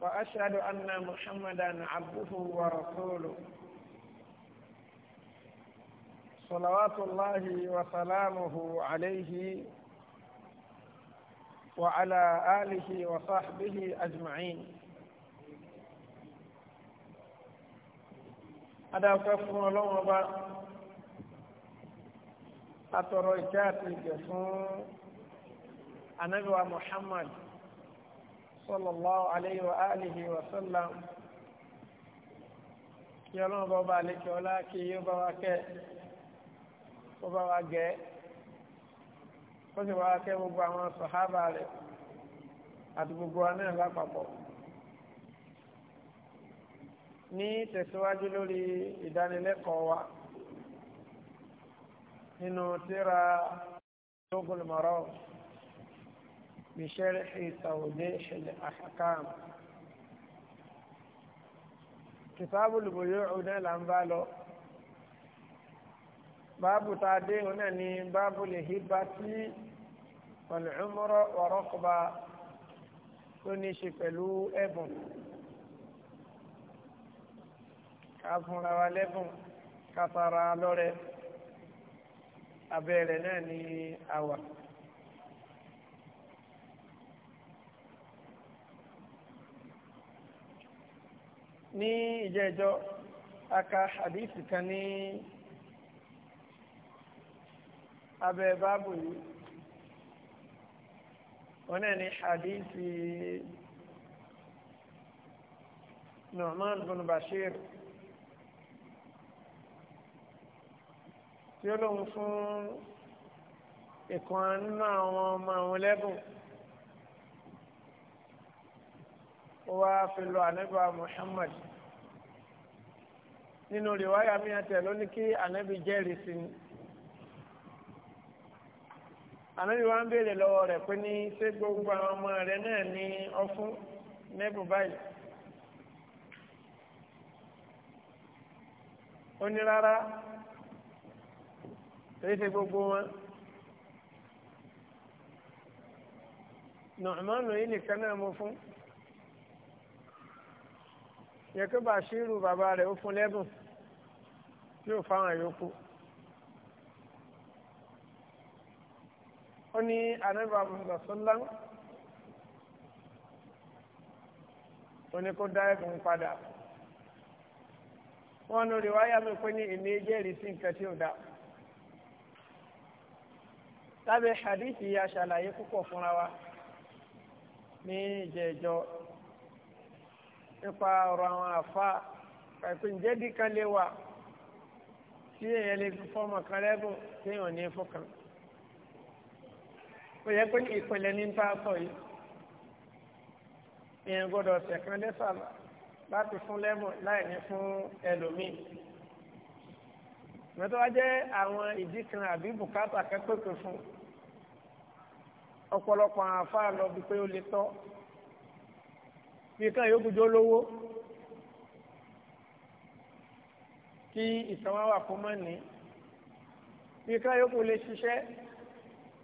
وأشهد أن محمدا عبده ورسوله صلوات الله وسلامه عليه وعلى آله وصحبه أجمعين أدعوك فون الله وبا أترويكاتي فون أنبوى محمد sallallahu alayhi wa alihi wa sallam kí ọlọ́run bá bá àlejò ọlá kí yóò bá wa kẹ́ kó bá wa gẹ́ kó sì wá kẹ́ gbogbo àwọn sàhábà rẹ̀ àti gbogbo wa náà lápapọ̀. ní tẹ̀síwájú lórí ìdánilẹ́kọ̀ọ́ wa nínú tírà Bulugh al-Maram. بشرح توضيح الأحكام كتاب البيوع هنا الأنبالو باب تعدي هنا باب الهبة والعمر ورقبة كوني شفلو ابن كافون والابن كفر لوري abẹ́rẹ́ náà ní ní ìjẹ́jọ́ aka hadisi kan ní abẹ́ báàbù yìí wọn náà ní hadisi Nu'man bin Bashir tí ó lóun fún ìkan nínú àwọn ọmọ àwọn lẹ́bùn. wá fi lọ ànábà Muhammad nínú rìwáyà mi àti ẹ̀ ló ní kí ànábì jẹ́rìí sí ni ànábì wa ń béèrè lọ́wọ́ rẹ̀ pé ní ṣé gbogbo àwọn ọmọ rẹ̀ náà ní ọfún nẹ́bù báyìí ó ní rárá èyí ṣe gbogbo wọn. nọ̀ọ́mọ́nù yìí nìkan náà mo fún yẹ kí Bàṣírù bàbá rẹ̀ ó fún lẹ́bùn tí ò fáwọn yòókù. ó ní anábà mùsùlùmí ó ní kó dá ẹ̀bùn padà wọ́n nu rìwáyà mi pé ní èmi jẹ́rìí sí nǹkan tí ò dá lábẹ́ hadith yìí aṣàlàyé púpọ̀ fúnra wa ní ìjẹ́jọ́ nípa ọ̀rọ̀ àwọn àfa pẹ̀pẹ́ ǹjẹ́ bí kan lè wà tí èèyàn lè fi fọ́ọ̀mù kan lẹ́bùn tí èèyàn ní fún kan. ó yẹ pé ìpìlẹ̀ ní bá sọ yìí èèyàn gbọ́dọ̀ ọ̀sẹ̀ kan lẹ́sà láti fún lẹ́bùn láì ní fún ẹlòmíì. ìmọ̀tọ́ wá jẹ́ àwọn ìdí kan àbí bùkátà kẹ́kọ̀ọ́ pé fún ọ̀pọ̀lọpọ̀ àwọn àfa lọ bí pé ó lè tọ́ nìkan yòókù jó lówó kí ìsanwó wà fún mọ́ni nìkan yòókù lè ṣiṣẹ́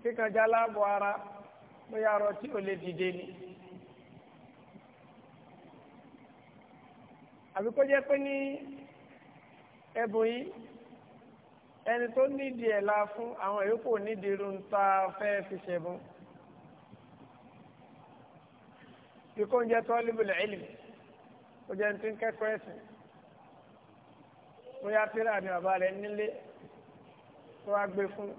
kíkan já láàbọ̀ ara bóyá ọ̀rọ̀ tí ò lè dìde ni. àbí kó jẹ́ pé ní ẹ̀bùn yìí ẹni tó nídìí ẹ̀ la fún àwọn yòókù nídìí irun tá a fẹ́ fi ṣẹ̀bùn. kíkó ń jẹ́ talibul ilmi ó jẹ́ ní tí ń kẹ́kọ̀ọ́ ẹ̀sìn bóyá tíra ni bàbá rẹ̀ nílé tó wá gbé fún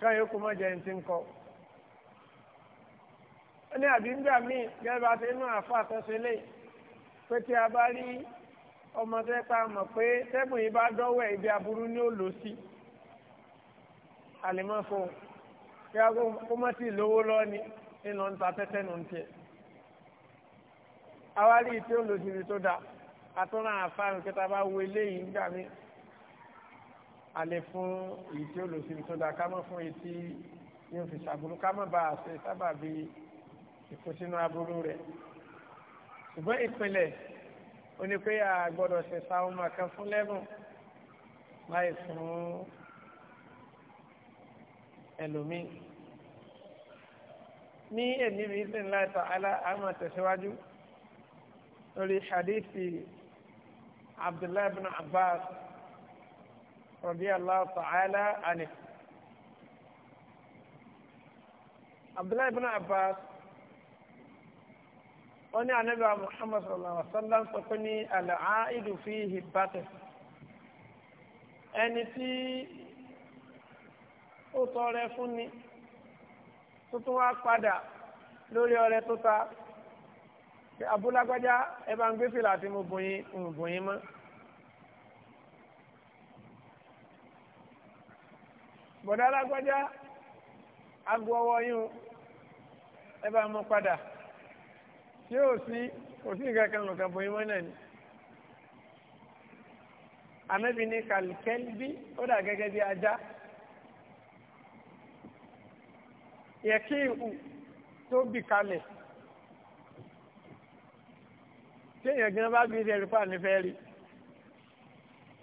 káyọ̀ kó mọ̀ jẹ́ ní tí ń kọ́ ó ní àbíńgbà míì gẹ́gẹ́ bá ti inú àfa àtọ́sí lé pé tí a bá rí ọmọ tó yẹ ká mọ̀ pé tẹ́gùn yìí bá dọ́wọ́ ẹ̀ ibi aburú ni ó lò sí àlè mọ́ fún un kí a kó mọ́ sí lówó lọ́ọ́ ni nínú ń ta tẹ́tẹ́ nù ń tiẹ̀. awárí tí ó lòsibí tó da atúnra àfáàrùn kẹta bá wo eléyìí ń gbà mí alẹ́ fún èyí tí ó lòsibí tó da ká mọ́ fún èyí tí yóò fi ṣàbùrú ká mọ́ bá a ṣe sábàbí ìkùnsínú aburú rẹ̀ ṣùgbọ́n ìpínlẹ̀ ó ní pé a gbọ́dọ̀ ṣe sáwọn kan fún lẹ́bùn láì fún ẹlòmíì ní èní bíi ìsìnlá ta'ala àmà tẹ̀síwájú lórí hadithi abdullahi bin abbas radiyallahu ta'ala anhu. abdullahi bin abbas wọ́n ní anabi wa muhammad sallallahu alaihi wa sallam sọ pé ní al'aidu fi hibbati ẹni tí ó tọrẹ fún ni tuntun wá padà lórí ọrẹ tó ta abúlágbájá ẹ bá ń gbé fìlà àti mo bùn yín mo bùn yín mọ́. bọ̀dá alágbájá agbo ọwọ́ yín ẹ bá mú padà tí yóò sí kò sí nǹkan kan lọ́kàn bùn yín mọ́ náà ni anabi ni kalikẹlibi ó dà gẹ́gẹ́ bí ajá yẹ̀kí ìhù tó bì kalẹ̀ tí èèyàn gan bá gbé ẹrù pa nífẹ̀ẹ́ rí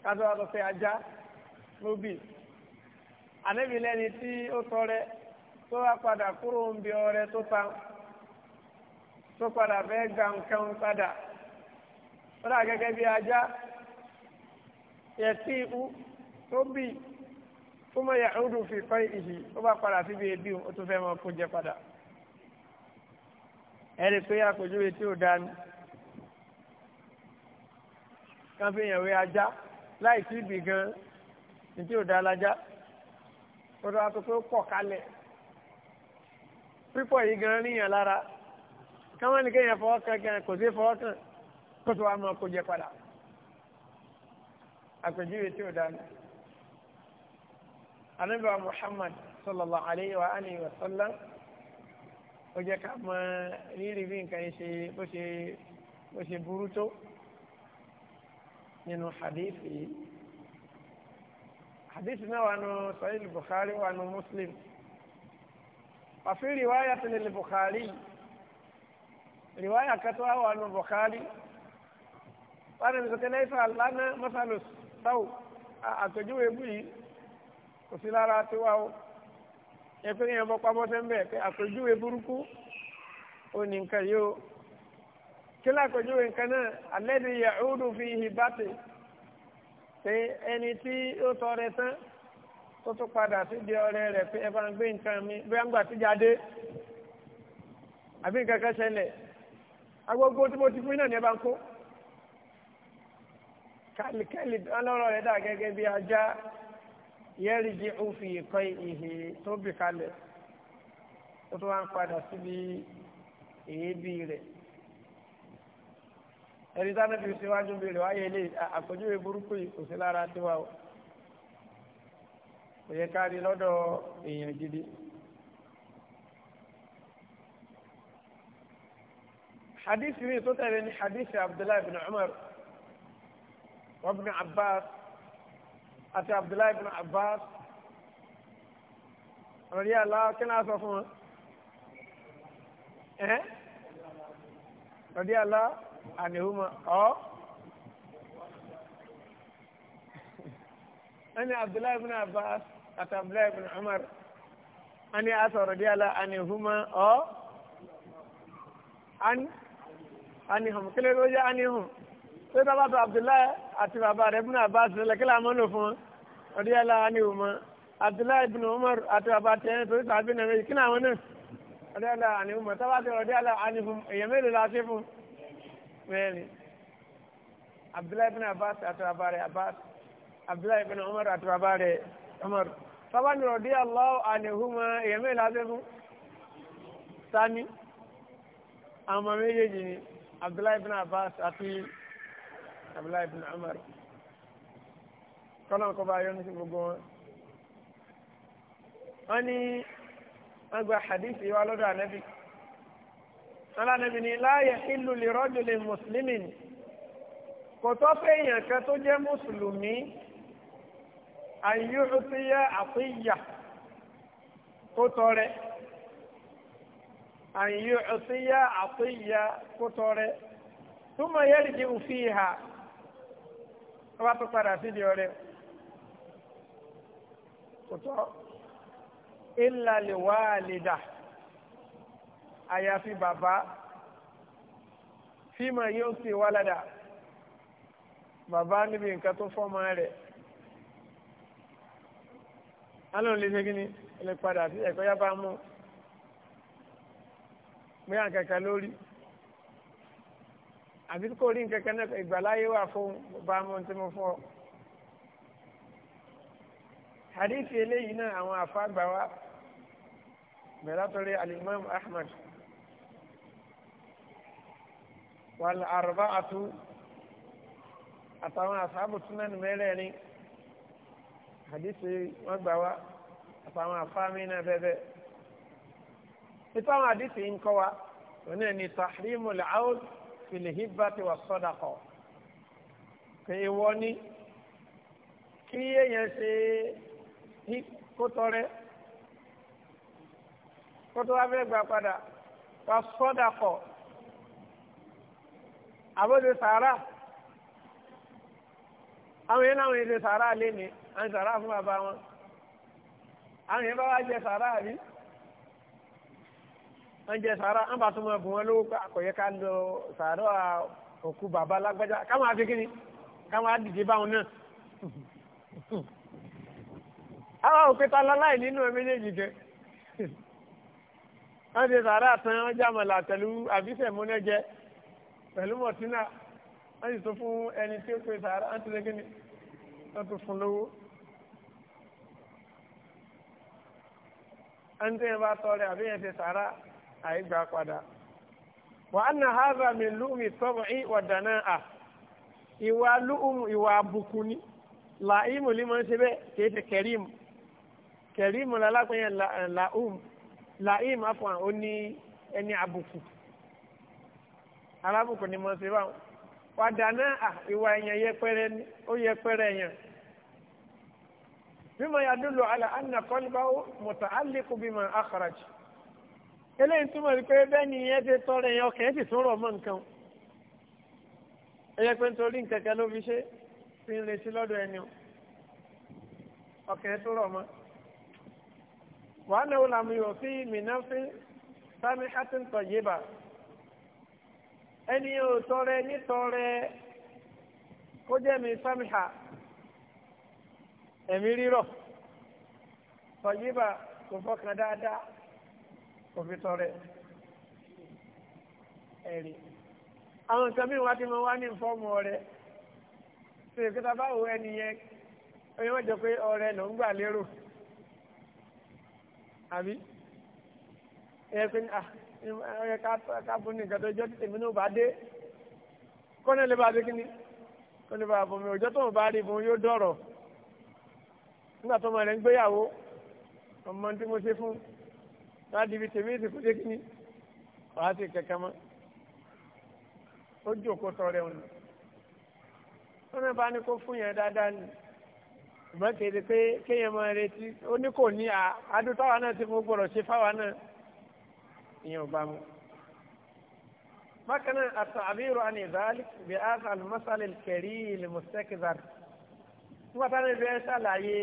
kátó wàá fẹ́ ajá lóbì ànábì lẹ́ni tí ó tọrẹ tó wá padà kúrò ń bi ọrẹ tó ta tó padà fẹ́ gba nǹkan padà ó dà gẹ́gẹ́ bí ajá yẹ̀kí tó bì tó mọ ìyá ọdún fi fẹ́ ìhì ó bá padà síbi ebi ó tún fẹ́ mọ kó jẹ padà ẹni pé àpèjúwe tí ò dání kan fi yàn wé ajá láì sí ibì gan ní tí ò dá lájá ó tó wá tó pé ó pọ̀ kalẹ̀ pípọ̀ yìí gan níyàn lára káwọn ní kéèyàn fọwọ́ kan gan kò sí fọwọ́ kan kó tó wá mọ kó jẹ padà àpèjúwe tí ò dání anábà muhammad sallallahu alayhi wa alihi wa sallam ó jẹ́ ká mọ rírì bí nǹkan yìí ṣe bó ṣe bó ṣe burú tó nínú hadithi yìí hadithi náà wà nù sahih bukhari wà nù muslim wàfi riwaya tilil bukhari riwaya katuwa wà nù bukhari wà nù sọkẹlẹ ifá lánàá masalus tau àtọjú ebu yìí kò sí lára tiwa o ẹ pé yẹn bọ́ pamọ́ sẹ́ńbẹ̀ pé àpèjúwe burúkú ó ní nǹkan yìí o kí lápèjúwe nǹkan náà alladhi ya'udu fi hibati pé ẹni tí ó tọrẹ tán tó tún padà sí di ọ̀rẹ́ rẹ̀ pé ẹ bá ń gbé nǹkan mi bí wọ́n gbà tí jáde àbí nǹkan kan ṣẹlẹ̀ agogo tí mo ti fún náà ní ẹ bá ń kó kálíkálí ọlọ́rọ̀ rẹ̀ dà gẹ́gẹ́ bí ajá yẹ́rìjì òfin ìkọ́ ìhè tó bì kalẹ̀ ó tó wá ń padà síbi èébì rẹ̀ ẹni táwọn fi síwájú béèrè wáyé ilé àpèjúwe burúkú yìí kò sí lára tiwa o kò yẹ ká rí lọ́dọ̀ èèyàn gidi. حديث من تتلين حديث عبد الله بن عمر وابن عباس àti abdullahi ibn abbas rọ̀rí aláwọ̀ kí náà sọ fún wọn ẹ́ rọ̀rí aláwọ̀ àníhùmọ̀ ọ́ ẹni abdullahi ibn abbas àti abdullahi ibn umar ẹni asọ rọ̀rí aláwọ̀ àníhùmọ̀ ọ́ anihum kí lè ló jẹ́ tó dábàá tó abdullahi àti bàbá rẹ̀ ibùnà abbas lọ́lẹ̀ kí làwọn lò fún ọdí yàrá wa ni wò mọ́ abdullahi ibn umar àti bàbá tiẹ̀ torí tàbí nà méjì kí làwọn náà ọdí yàrá wa ni wò mọ́ tábà tó ọdí yàrá wa ni fún èèyàn mélòó la ṣe fún mẹ́rin abdullahi ibn abbas àti bàbá rẹ̀ abbas abdullahi ibn umar àti bàbá rẹ̀ umar tábà ní yàrá wa ni wò mọ́ èèyàn la ṣe fún sani àwọn méjèèjì abdullahi ibn umar kọ́nà kọ́ bá yọ́nú sí gbogbo wọn. wọ́n ní wọ́n gba hadithi wa lọ́dọ̀ ànábì. wọ́n lánàbì ní la yahillu li rajulin muslimin kò tọ́ fẹ́yàn kan tó jẹ́ mùsùlùmí an yu'tiya atiyya kó tọrẹ an yu'tiya atiyya kó tọrẹ thumma yarji'u fiha wọ́n bá tó padà sídi ọ̀rẹ́ kò tọ́ illa li walida àyàfi bàbá fíìmù yóò sì wálàdà bàbá níbi nǹkan tó fọ́mọ rẹ̀ alóhùn lè ṣe kí ni ẹ lè padà sí ẹ̀kọ́ yá bá mú mí àkàkà lórí àbí kò rí nǹkan kan náà ìgbàláyé wà fún bá mọ́ tí mo fọ́ hadithi eléyìí náà àwọn àfáàgbà wa mẹ́látọ́rí alimam ahmad wal arba'atu àtàwọn àsáàbù sunan mẹ́rẹ̀ẹ̀rin hadithi wọ́n gbà wá àtàwọn àfáàmì náà bẹ́ẹ̀ nípa hadithi ń wa wọn náà ni tahrimul 'awd filihibati wa sọdakọ pé ìwọ ni kí èèyàn ṣe kótọrẹ kótó wá fẹ́ gbà padà wa sọdakọ àbójú sàárà àwọn yẹn láwọn yẹn ṣe sàárà lé ní àwọn sàárà fún bàbá wọn àwọn yẹn bá wá jẹ sàárà rí wọ́n jẹ sàárà wọ́n bá tún mọ ẹ̀bùn wọn lówó pé àkọ̀yẹ ká lọ sàárọ̀ òkú bàbá lágbájá ká máa fi kí ni ká máa dìde báwọn náà. àwa òkè ta láláì nínú ẹ méjèèjì gẹ wọ́n jẹ sàárà tán wọ́n jàmọ̀là pẹ̀lú àbísẹ̀múnẹ́jẹ pẹ̀lú mọ̀tínà wọ́n sì tún fún ẹni tí ó pe sàárà wọ́n ti lé kí ni wọ́n tún fún lówó. ẹni tí yẹn bá tọrẹ àbí yẹn ti sàárà àìgbà padà wà á nà hàzà mi lùmí sọ̀rọ̀ ì ọ̀dànà à ìwà lùmù ìwà àbùkù ni làìmù lè máa ń ṣe bẹ́ẹ̀ kì í ṣe kẹrìmù kẹrìmù lálápẹ̀yẹ làùmù eh, làìmù àfọ̀n ó ní ẹni àbùkù alábùkù ni mo ṣe báwọn wàdànà à ìwà ẹ̀yàn yẹpẹrẹ ni ó yẹpẹrẹ ẹ̀yàn mímọ yàdúlò àlà ànà kọ́lbáwó mọ̀tà álẹ́kùn bímọ àkàràjì eléyìí túmọ̀ ní pé bẹ́ẹ̀ ni ẹ ti tọrọ ẹ̀yàn ọkàn ẹ sì tún rọ̀ mọ́ nǹkan ẹ yẹ pé nítorí nǹkan kan ló fi ṣe fi ń retí lọ́dọ̀ ẹni ọkàn ẹ tún rọ̀ mọ́ wàá náwó làmú yóò fi mìíràn fi sami hatin tọ̀ yé bá ẹni yóò tọrọ ẹ nítọrọ kó jẹ́ mi sami ha ẹ̀mí rírọ̀ tọ̀ yé bá kò fọkàn dáadáa kò fi tọrẹ ẹ̀rí àwọn nǹkan mìíràn wá ti mọ wá ní fọ́ọ̀mù ọrẹ ṣe ìkẹta báwo ẹni yẹn oye wọ́n jọ pé ọrẹ ló ń gbà lérò àbí ẹ pé ọyẹ ká bú ní nǹkan tó jọ tèmi náà bá dé kọ́nà lè bá dé kí ni kọ́nà lè bá bọ̀ mi òjò tó ń bá rí ibùn yóò dọ̀rọ̀ nígbà tó ọmọ rẹ̀ ń gbéyàwó ọmọ tí mo ṣe fún wá di ibi tèmi ti kó dé kíní wàá ti kẹ̀kẹ́ mọ́ ó jókòó tọrẹ wọn wọn náà bá ní kó fún yẹn dáadáa ni ìgbọ́n kéde pé kéèyàn máa retí ó ní kò ní adútáwa náà ti mú gbọ́dọ̀ ṣe fáwa náà ìyẹn ò bá mu. bákan náà àtàbírò àni ìdáálì bí áza àlùmọ́sálẹ̀ kẹrí ilẹ̀ mọ̀sẹ́kìzàrì nígbà táwọn ẹgbẹ́ ṣàlàyé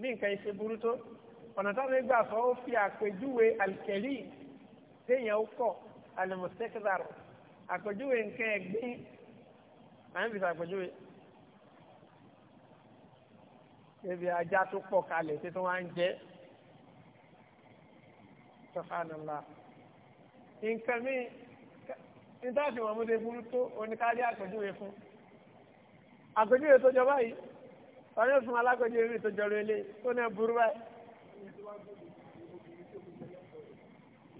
bí nǹkan ṣe burú tó ọ̀nà táwọn ẹgbẹ́ àfọ ó fi àpèjúwe àlìkẹ́lì téèyàn ó kọ̀ àlùmọ̀sẹ́kẹ́dàrọ̀ àpèjúwe nǹkan ẹ̀gbìn à ń fi àpèjúwe. ebi ajá tó pọ̀ kalẹ̀ tí tó wá ń jẹ́ sọ̀hánàlá nǹkan mi níta fi wọn múde burú tó oníkálí àpèjúwe fún àpèjúwe tó jọ báyìí wọn yóò fún alákòjúwe mi tó jọ lóye tó náà burú báyìí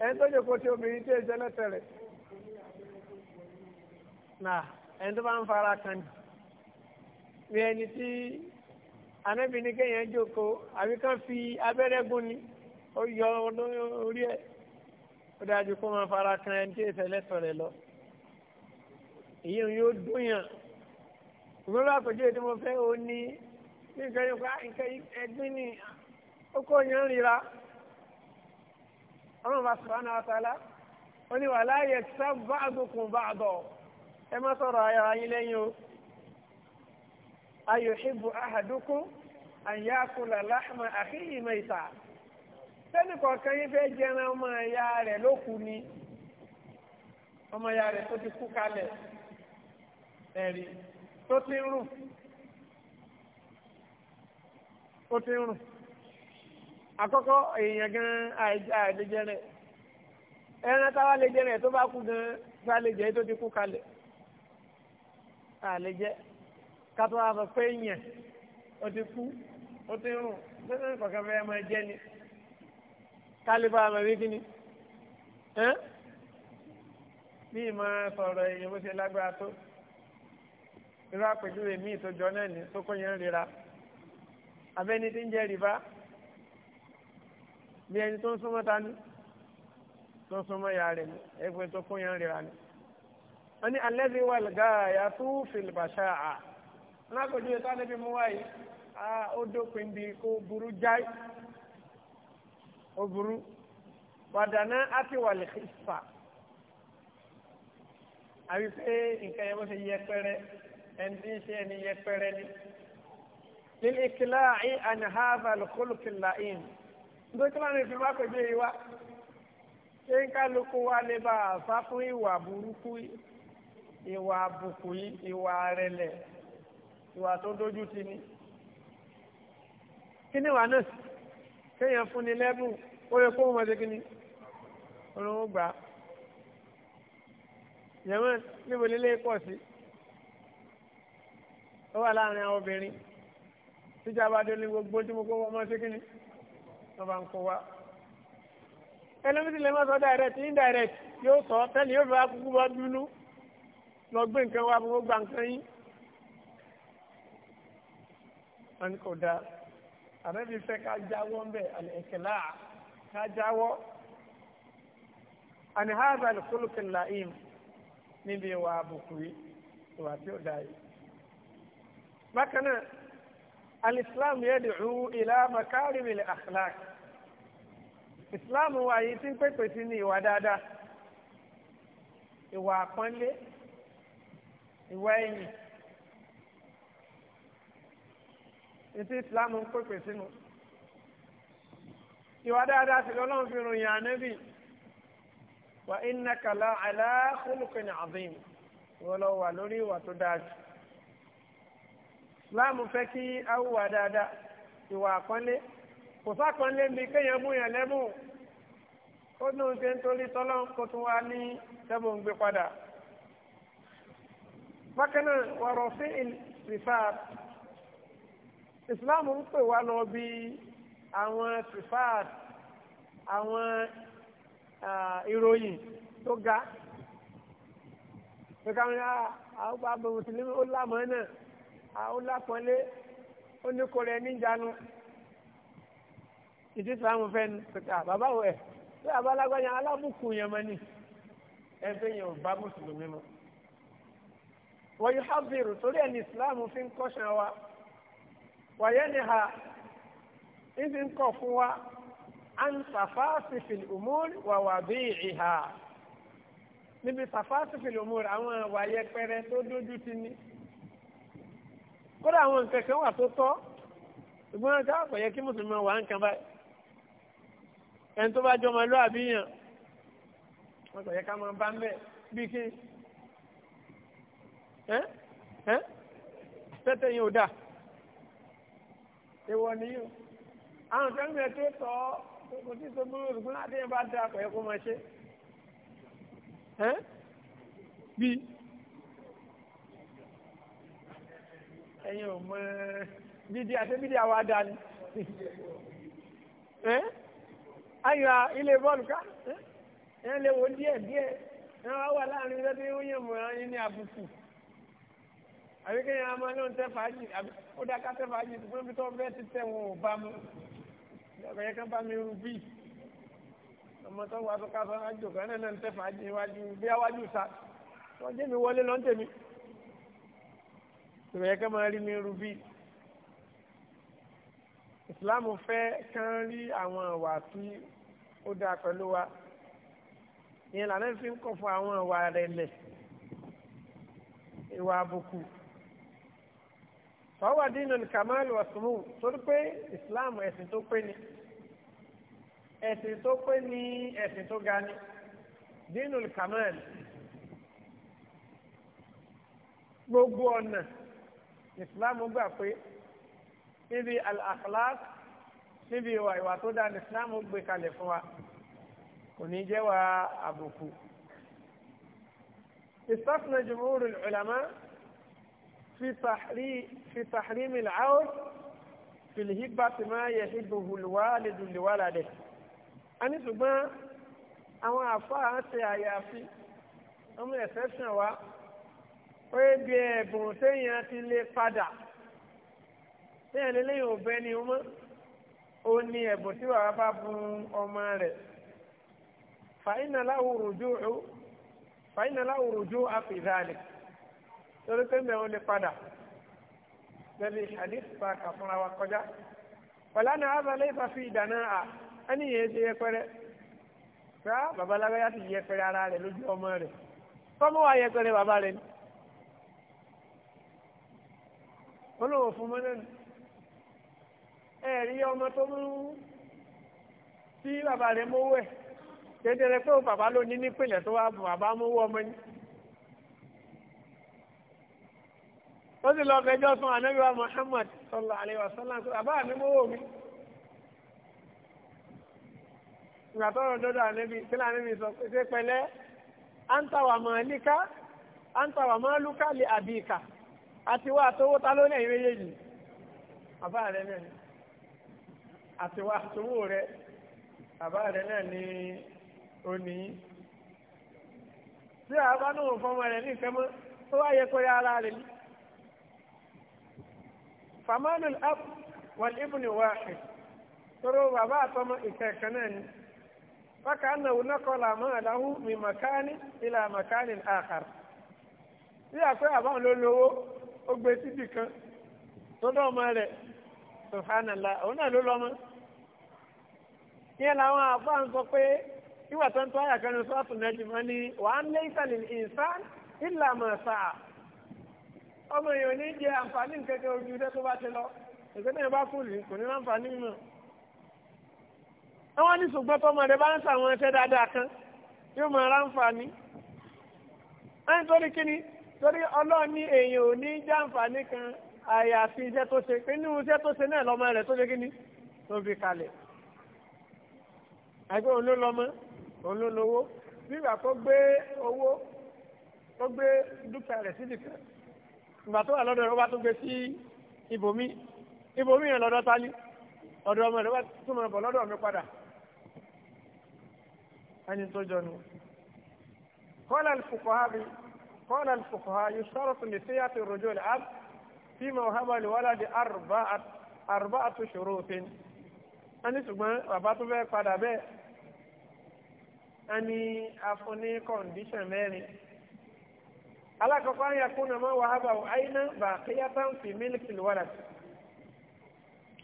ẹni tó jòkó tí obìnrin tí èsẹ lẹsẹ rẹ na ẹni tó bá ń fara kan ni bí ẹni tí anábì ní kéèyàn jòkó àbí kàn fi abẹ́rẹ́ gún ni ó yọ ọdún orí ẹ̀ ó dájú kó máa fara kan ẹni tí èsẹ lẹsẹ rẹ lọ èyí yóò dún yàn ìgbọ́n bá pèjọ́ ètò mo fẹ́ o ní ní nǹkan yóò ẹgbẹ́ ni oko yẹn rira ọlọ́run bá sọ̀rọ̀ náà sálá ó ní wàhálà yẹ sá bá àgùnkùn bá àgọ̀ ẹ má sọ̀rọ̀ ayọ̀ ayé lẹ́yìn o ayò ṣíbù àhàdúkú àyà kùlà láhàmà àkíyì mẹ́ta sẹ́ni kọ̀ọ̀kan yín fẹ́ jẹran ọmọ ẹ̀yà rẹ̀ ló ni ọmọ ẹ̀yà rẹ̀ tó ti kú kalẹ̀ ẹ̀rí tó ti rùn àkọ́kọ́ èèyàn gan àìlejẹrẹ ẹran táwa lè jẹrẹ tó bá kú gan bá lè jẹ tó ti kú kalẹ̀ àlejẹ kátó wa sọ pé èèyàn ó ti kú ó ti rùn nínú ìkọ̀kẹ́ fẹ́ máa jẹ ni kálíbà máa rí kíni bí ìmọ̀ sọ̀rọ̀ èèyàn bó ṣe lágbára tó irú àpèjúwe míì tó jọ náà ní tó kó yẹn abẹ́ni tí ń jẹ́ rìbá bí ẹni tó ń súnmọ́ ta ni tó ń súnmọ́ ya rẹ̀ ni ẹgbẹ́ tó kó yẹn rira ni. wọ́n ní alẹ́bí wà lọ́gà àyà tó fìlìbàṣà à lákòjú ìta níbi mú wáyé a ó dópin bí kó burú jáì ó burú wàdàná àti wàlẹ̀ fà àbí pé nǹkan yẹn bó ṣe yẹpẹrẹ ẹni tí ń ṣe ẹni yẹpẹrẹ ni. lílì kìláà ẹ̀ àni hàbà nítorí tí wọ́n lè fi má pèjú yìí wá ṣé ń kálukú wa lè bá a sá fún ìwà burúkú ìwà àbùkù yìí ìwà àrẹ̀lẹ̀ ìwà tó dójú ti ni. kí ni ìwà náà kéèyàn fún ni lẹ́bùn ó yẹ kó wọn ṣe kí ni olówó gbà á yẹ̀wọ̀n níbo nílé pọ̀ sí ó wà láàrin àwọn obìnrin tíjà bá dé ní gbogbo tí mo kó wọn mọ́ kí ni tó bá ń kó wá. ẹlẹ́mìtì lè má sọ direct indirect yóò sọ tẹ́lẹ̀ yóò fi wá kúkú bá dúnú lọ gbé nǹkan wá fún gbogbo nǹkan yín. wọ́n ní kò dáa àbẹ́bí fẹ́ ká jáwọ́ ń bẹ̀ àlẹ́ ìkẹlá ká jáwọ́ àní háàbà lùkúlùkù làìm níbi ìwà àbùkù yìí ìwà tí ó dáa yìí. bákan náà alìsílámù yẹ́dùn ìlà makárí mi lè àkàlàkì. ìsìláàmù wa yìí ti ń pèpè sí ní ìwà dáadáa ìwà àpọ́nlé ìwà ẹ̀yìn ètò ìsìláàmù ń pèpè sínú ìwà dáadáa sì lọ́lọ́run fi ròyìn ànábì wa ala khuluqin abin, ìwọ lọ wà lórí ìwà tó dáa jù ìsìláàmù fẹ́ kí awùwà dáadáa kò sákan lé mi kéèyàn mú yàn lẹ́mú ó ní oúnjẹ nítorí tọ́lọ́ kó tún wá ní sẹ́bùn gbé padà. bákan náà wọ̀rọ̀ sí ìsìfà ìsìláàmù ń pè wá lọ bí àwọn ìsìfà àwọn ìròyìn tó ga pẹ̀ka wọn àwọn bàbá mùsùlùmí ó lámọ́ náà ó lápọ́nlé ó ní kò rẹ̀ níjànú ìdí sàmù fẹ́ ni pẹ̀tà bàbá wọ̀ ẹ̀ pé àbálágbáyà alábùkù yẹn mọ́ ni ẹgbẹ́ yẹn ò bá mùsùlùmí mọ́. wọ́n yóò hábìrù torí ẹ̀ ní ìsìláàmù fi ń kọ́ṣàn wa wọ̀nyẹ́ ni ha ń fi ń kọ̀ fún wa an sàfáàsìfìl umúr wà wà bí ìhà níbi sàfáàsìfìl umúr àwọn wàyẹ pẹrẹ tó dójú ti ní kódà àwọn nǹkan wà tó tọ́ ìgbọ́n ká kò kí mùsùlùmí wà ń kan báyìí ẹni tó bá jọ ọmọ ìlú àbíyàn wọ́n tọ̀ yẹ ká máa bá ń bẹ̀ bí kí ẹ́ ẹ́ tẹ́tẹ́ yìí ò dà ìwọ nìyí o àwọn tó ń bẹ tó tọ́ kò tí tó búrú òdùkún láti yẹn bá da pẹ̀lú kó máa ṣe ẹ́ bí ẹ̀yin ò mọ bídí àti bídí àwa dá ni ẹ́ ayọ̀ ilé bọ́ọ̀lù ká ẹ lè wo díẹ̀ díẹ̀ ẹ wá wà láàrin ilé tí ó yẹn mọ̀ ẹ́ ní àbùkù àbí kéèyàn á máa lóun tẹ́ fàájì àbí ó dáká tẹ́ fàájì ṣùgbọ́n ibi tó ń bẹ́ẹ̀ ti tẹ̀ wọn ò bá mu ọkọ̀ yẹn kan bá mi rú bíi ọmọ tó wà sọ́ká sọ́ká jòkó náà náà ń tẹ́ iwájú bí iwájú sa wọ́n jẹ́ mi wọlé lọ́n tèmi ìròyìn kan máa rí mi rú bíi ìsìláàmù fẹ́ kán rí àwọn ìwà tí ó dáa pẹ̀lú wa ìyẹn lànà fi ń kọ̀ fún àwọn ìwà rẹ̀lẹ̀ ìwà àbùkù fọwọ́ dínà ní kàmáàlì ọ̀sùnmù torí pé ìsìláàmù ẹ̀sìn tó pé ni ẹ̀sìn tó pé ni ẹ̀sìn tó ga ni dínà ní kàmáàlì gbogbo ọ̀nà ìsìláàmù gbà pé níbi al-akhlaq níbi ìwà ìwà tó dáa ní Islam gbé kalẹ̀ fún wa kò ní jẹ́ wa àbùkù. استثنى جمهور العلماء في تحريم في تحريم العور في الهبة ما يحبه الوالد لولده àní ṣùgbọ́n àwọn àfáà ṣe àyàfi ọmọ ẹ̀sẹ̀ sàn wá ó yẹ bí ẹ̀bùn téèyàn ti lè padà bẹ́ẹ̀ ni lẹ́yìn òbẹ́ ni ó mọ́ ó ní ẹ̀bùn tí bàbá bá fún ọmọ rẹ̀ fàyínà láwùrùjú àfìdálẹ̀ torí pé mẹ́wọ́n lè padà lẹ́bi hadith bá kà fúnra wa kọjá wàlánà àbálẹ́ ìfàfi ìdáná à ẹni yẹn ti yẹ pẹ́rẹ́ rá yá ti yẹ ara rẹ̀ lójú ọmọ rẹ̀ fọ́mọ wa yẹ pẹ́rẹ́ bàbá rẹ̀ ni olóòfin mọ́nẹ́nu ẹ̀rí ọmọ tó ń tí bàbá rẹ̀ mówó ẹ̀ kékeré pé òun bàbá ló ní nípìnlẹ̀ tó wá bù bàbá mówó ọmọ ní. ó sì lọ fẹjọ́ sùn ànábì wa Muhammad sallallahu alaihi wasallam bàbá mi mówó mi. ìgbà tọrọ dọdọ ànábì kílà ànábì sọ pé ṣé pẹ̀lẹ́ antawa màálíkà antawa màálùkà lè àbíkà àti wà tó wó ta lónìí ẹ̀yìn méjèèjì bàbá rẹ̀ náà àtiwá àtowó rẹ bàbá rẹ náà ní òní tí àbá náà fọmọ rẹ ní nǹkan mọ́ tó wá yẹ kó yá ara rẹ ní. fàmánù ap wal ibnu wahid tóró bàbá àtọmọ ìkẹ̀kẹ́ náà ni fakana wuna kọla máa lahu mi makani ila makani akhar bí àpẹ àbá ló lówó ó gbé síbì kan tó dọ́ ọmọ rẹ̀ subhanallah òun náà ló lọ́mọ ìyẹn làwọn àbá ń sọ pé ìwà tó ń tọ́ àyà ní sọ́ọ̀tù nẹ́jì ni wà á lé ìsàlẹ̀ ìsán ìlà mọ̀ sáà ọmọ èèyàn ní jẹ àǹfààní kẹ̀kẹ́ ojú iṣẹ́ tó bá ti lọ ìgbẹ́ náà bá fún kò ní láǹfààní mọ̀ àwọn ní ṣùgbọ́n tọmọ rẹ bá ń sàwọn ẹṣẹ́ dáadáa kan yóò mọ láǹfààní ẹni torí kíni torí ọlọ́run ní èèyàn ò ní jẹ àǹfààní kan àyàfi iṣẹ́ tó ṣe pé nínú iṣẹ́ tó ṣe náà lọ́mọ rẹ̀ tó ṣe kíni tó fi kalẹ̀ àbí òun ló lọ́mọ òun ló lówó nígbà tó gbé owó tó gbé dúkìá rẹ̀ sí nìkan ìgbà tó wà lọ́dọ̀ rẹ̀ ó tó gbé sí ibòmí ibòmí yẹn lọ́dọ̀ tálí ọ̀dọ̀ ọmọ rẹ̀ wá tó bọ̀ lọ́dọ̀ mi padà ẹni tó jọnu. kọ́lá ìfòkòhá bi kọ́lá ìfòkòhá yìí sọ̀rọ̀ tó lè ṣe yàtọ̀ ìròjò rẹ̀ á fi mọ̀ ọ̀hábà lè wọ́lá di àrùbá àtúnṣòro òfin. ẹni ṣùgbọ́n bàbá tó fẹ́ padà bẹ́ẹ̀ a ní afun ní kọ̀ǹdíṣàn mẹ́rin alákọ̀ọ́kọ́ ayé akúnà máa wà ábà ò àyínà bà kíyá táwọn fi mílíkì lùwàdà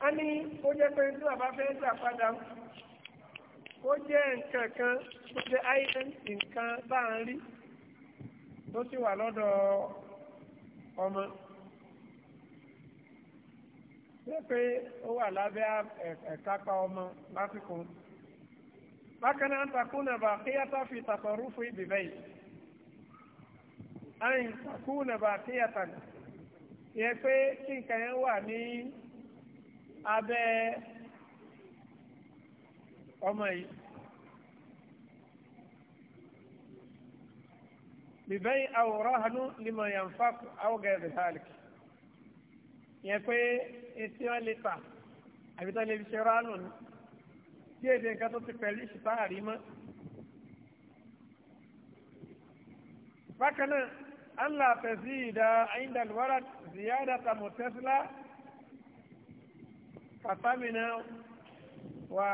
a ní ó jẹ́ pé tí bàbá fẹ́ gbà padà ó jẹ́ nǹkan kan tó jẹ́ àyínà nǹkan bá ń rí tó sì wà lọ́dọ̀ ọmọ jẹ́ pé ó wà lábẹ́ ẹ̀kápá ọmọ lásìkò bákan náà takúnà bàkíyàtà fi tàfàrúfù ìbìbẹ́ yìí àyìn takúnà bàkíyàtà yẹ pé kí nǹkan yẹn wà ní abẹ́ ọmọ yìí. bibai aw rahanu lima yanfaq aw gayri dhalik yẹn pé etí wọn lè ta àbí tó lè fi tí èdè nǹkan tó ti pẹ̀lú ìṣìpá àrí mọ́. bákan náà allah tẹ̀sí ìdá ayíǹdàlúwárà ziyada tamu tesla fatamina wa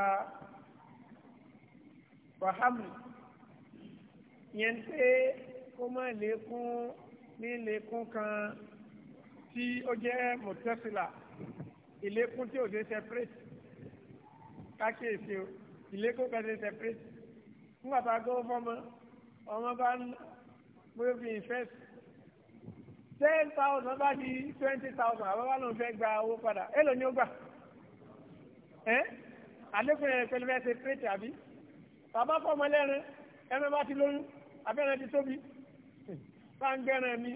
wahamu yẹn pé kó má lékún ní lékún kan tí ó jẹ́ mọ̀tẹ́sílà ìlékún tí ò jẹ́ separate kákíyèsí o ilé kó kẹsẹ̀ sẹ̀pẹ́tì nígbà tá a gbọ́ fọ́mọ ọmọ bá ń bóyá fi ìfẹ́sì ten thousand bá di twenty thousand àwọn bá lóun fẹ́ gba owó padà èlò ni ó gbà ẹ́ àlékún yẹn pẹ̀lú fẹ́ ṣe pẹ́tì àbí bàbá fọ́mọ lẹ́rin ẹ̀mẹ́ bá ti lóyún abẹ́rẹ́ ti tóbi bá ń gbẹ́rẹ́ mi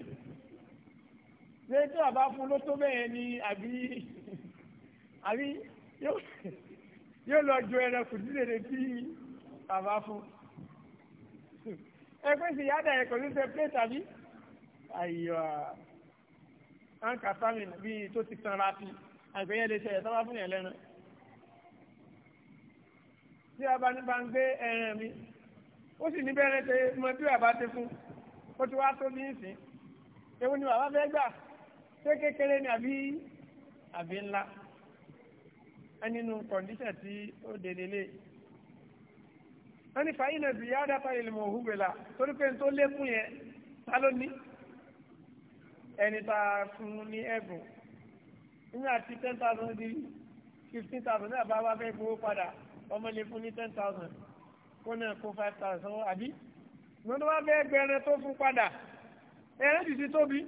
ṣé tí bàbá fún ló tó bẹ́ẹ̀ ni àbí àbí yóò yóò lọ jo ẹran kùdí lèrè tí bàbá fún ẹgbẹ́ sì yáda ẹ̀ kò ní ṣe pé tàbí àyọ̀ àǹkà sámi bíi tó ti tanra sí àgbẹ̀yẹ lè ṣe ẹ̀ sábà fún yẹn lẹ́nu tí a bá ní bá ń gbé ẹran mi ó sì ní bẹ́ẹ̀rẹ̀ ṣe mọ bí bàbá ti fún ó ti wá tó ní ìsìn ewu ni bàbá fẹ́ gbà ṣé kékeré ni àbí àbí ńlá ẹninu kọ̀ǹdíṣàn tí ó dé lélẹ̀ wọ́n ní fàáyínà ziyada fáyìlì mọ̀ òhúwèlà torí pé tó lékún yẹn ta ló ní ẹni tá a fún ní ẹ̀bùn nígbà tí ten thousand di fifteen thousand náà bá wá fẹ́ gbowó padà ọmọ lè fún ní ten thousand kó náà kó five thousand àbí wọ́n tó wá fẹ́ gbẹrẹ tó fún padà ẹ̀rẹ́ ti ti tóbi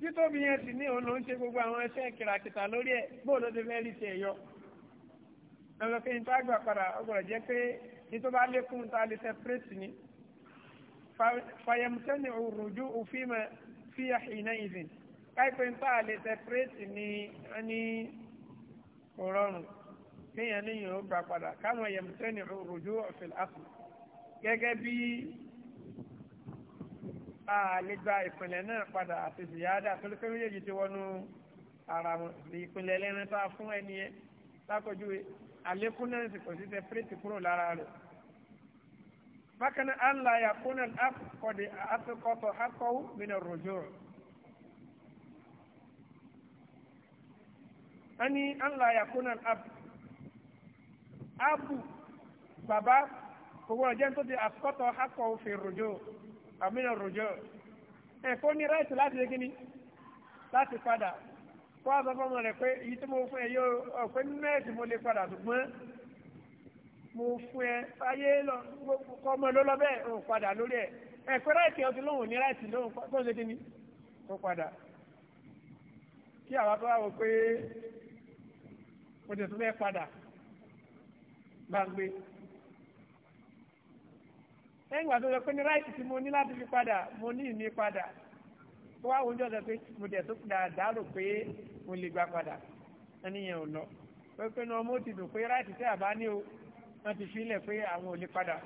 títóbi yẹn sì ní òun ló ń ṣe gbogbo àwọn iṣẹ́ kìràkìtà lórí ẹ̀ bóòlù ti fẹ́ rí tiẹ̀ yọ. ẹ̀rọ pé níta àgbà padà ọgbọ̀rọ̀ jẹ́ pé nítorí bá lékún ta lè fẹ́ pírẹ́sì ni. fàyẹ̀mùsẹ́ni òrùjú òfin mọ̀ fi àhìnà ìzìn káìpé níta lè fẹ́ pírẹ́sì ni a ní òrọ̀rùn kéèyàn níyàn ó gbà padà káwọn yẹ̀mùsẹ́ni òrùjú òfin àfọ̀ gẹ́gẹ́ bí a lè gba ìpìlẹ̀ náà padà àti ziyada tó lókè méjèèjì ti wọnú ara wọn ìpìlẹ̀ ẹlẹ́rìn tá a fún ẹni yẹn lákòjúwe àlékún náà sì kò sí tẹ pírètì kúrò lára rẹ̀. bákan náà allah yakuna akọ̀dé atukọ̀tọ̀ akọ̀wù min ar-ruju'. ani allah yakuna ab abu baba kò wọ́n jẹ́ nítorí akọ̀tọ̀ akọ̀wù fi ar-ruju' àmìnà rojọ́ ẹ̀kọ́ ní ráìtì láti lé kíní láti padà kó àzọ fọmọ rẹ pé èyí tí mo fún ẹ yóò ọ̀pẹ mẹ́ẹ̀sì mo lè padà ṣùgbọ́n mo fún ẹ ayé lọ kọ́ ọmọ ló lọ bẹ́ẹ̀ ò padà lórí ẹ̀ ẹ̀kọ́ ráìtì ọtí lóhùn ní ráìtì lóhùn tó ń ṣe kíní tó padà kí àwọn tó wà wọ pé mo tẹ̀sùn lẹ́yìn ìgbà tó lọ pé ní ráìtì tí mo ní láti fi padà mo ní ìní padà tó wá oúnjẹ ọ̀sẹ̀ pé mo dẹ̀ tó dáadáa rò pé mo lè gbà padà ẹnìyẹn ò lọ pé pé ní ọmọ ti dùn pé ráìtì tí àbá ní o wọ́n ti fi ilẹ̀ pé àwọn ò lè padà.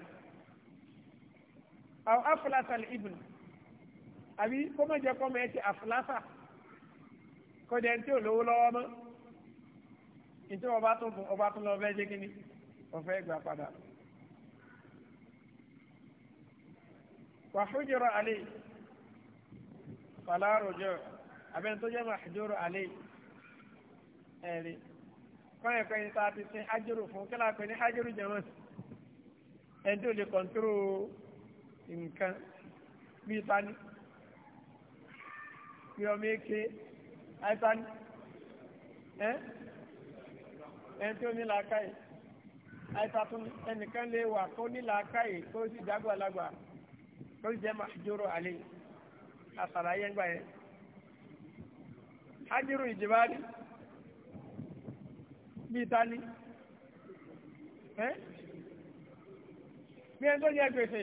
àwọn afúlásà lè ibùn àbí kó má jẹ́ kó mọ ti afúlásà kó jẹ́ tí ò lówó lọ́wọ́ mọ́ ìtí ọba tó lọ fẹ́ jẹ́ kínní ọ̀fẹ́ gbà padà. wàhújọrọ àlè fàlàrọjọ abẹ́ni tó jẹ́ màhújọrọ àlè ẹ̀rí kọ́yẹ̀kọ́ yìí tá a ti sin ájúrò fún kí láàpẹ́ ní ájúrò jẹ́mọ́ ẹni tó lè kọ̀ǹtúrò nǹkan bíi tani bíi ọmọ èké àìsàn ẹ ẹni tó ní làákàyè àìsàn tún ẹnìkan lè wà kó ní làákàyè kó sì jágbàlagbà tó jẹ́ jóró àlè àṣàlàyé ńgbà yẹn ájírò ìjìbáàlì bíi tani bí ẹni tó jẹ gbèsè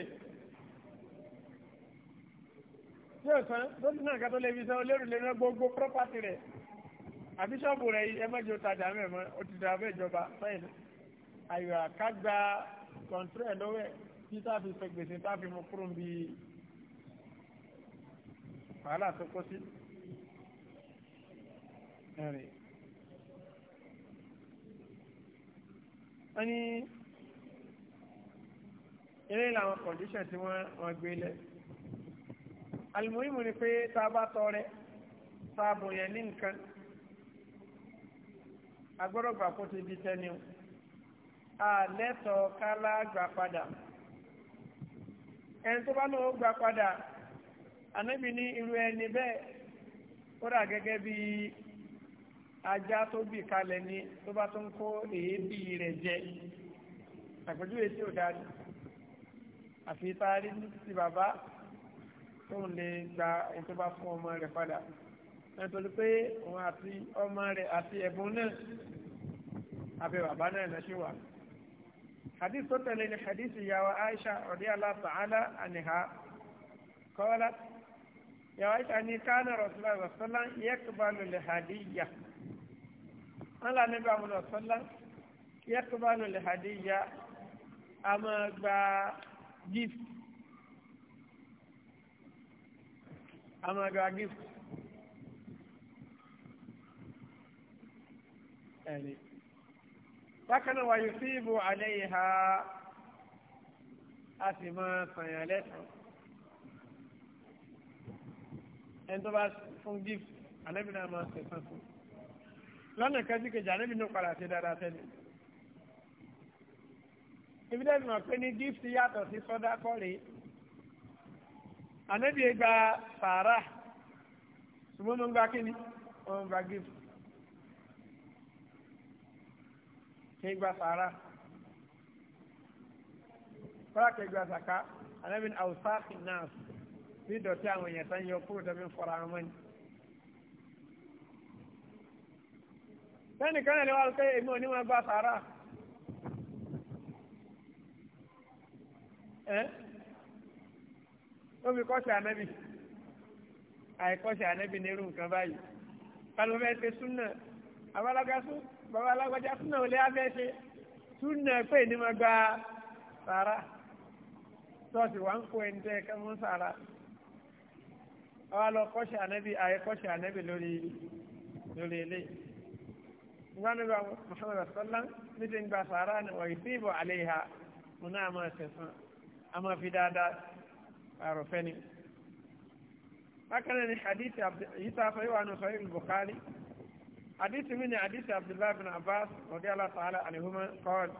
yóò san lórí náà kátó lè fi san olórí lè ná gbogbo pírọ́pátì rẹ̀ àbí ṣọ́ọ̀bù rẹ̀ yìí ẹ má jẹ́ òtajà mẹ́mọ́ ó ti dàbẹ́ ìjọba fẹ́ẹ̀lì àyọ̀ àkágbá kọ̀ǹtúrẹ̀ lọ́wọ́ ẹ̀ tí táàfi sọ gbèsè táàfi mú kúrò ń bi wàhálà tó kọ́ sí ẹ̀rìn wọ́n ní ilé làwọn condition tí wọ́n gbé lẹ̀ almuhimu ni pé tá a bá tọrẹ tá a bòyẹ ní nǹkan agbọ́dọ̀ gbà kó ti di tẹ́ni o àlẹ́tọ̀ọ́ kálá gbà padà ẹni tó bá lọ́wọ́ gbà padà ànábì ní irú ẹni bẹ́ẹ̀ ó rà gẹ́gẹ́ bí ajá tó bì kalẹ̀ ni tó bá tó ń kó èébì rẹ̀ jẹ àpèjúwe tí ò dáadé àfi táárí ti bàbá tó ń lè gba ẹni tó bá fún ọmọ rẹ̀ padà nítorí pé òun àti ọmọ rẹ̀ àti ẹ̀bùn náà àbẹ bàbá náà lọ sí wàá. حديث تتلي حديث يا عائشة رضي الله تعالى عنها قالت يا عائشة أني كان رسول الله صلى الله عليه وسلم يقبل الهدية قال النبي صلى الله عليه وسلم يقبل الهدية أما با جيف أما جيفت يعني bákanáà wáyé fíìbù alẹ́ ìhà a sì máa pààyàn lẹ́sàn ẹni tó bá fún gift alẹ́bí náà máa sẹ̀sán fún lọ́nà kẹ́sí kejì alẹ́bí náà padà sí dáadáa tẹ́lẹ̀ ibi dẹ́bi mọ̀ pé ní gift yàtọ̀ sí sọ́dá kọ́rè alẹ́bí gba sàárà ṣùgbọ́n mo ń gba kíni mo ń gba gift. kí n gba sàárà kọ́lá kí n gba sàká anábìn àwùsáàkì náà bí dọ̀tí àwọn èèyàn tán yọ kúrò tó fi ń fọ́ra wọn mọ́ni. sẹ́ni kan náà lè wá pé èmi ò ní wọn gba sàárà ẹ́ ó fi kọ́sì ànábì àìkọ́sì nírú nǹkan báyìí kálọ̀ súnà abálágásùn bàbá alágbájá súnà olè afẹ́ ṣe súnà pé ní ma gba sàrà tọ́sí wà ń kó ẹni tẹ́ ká mọ́ sàrà wọ́n lọ kọ́ṣẹ́ ànábì àyè kọ́ṣẹ́ ànábì lórí lórí ilé ìgbàanú bá Muhammad sallam ní ti gba sàrà ni wọ́n ìsìn ìbò àlẹ́ ìhà mo náà máa tẹ̀sán fi dáadáa àròfẹ́ ni. bákan ni hadith yìí tá a fọ ìwà nù sọ حديث من حديث عبد الله بن عباس رضي الله تعالى عنهما قال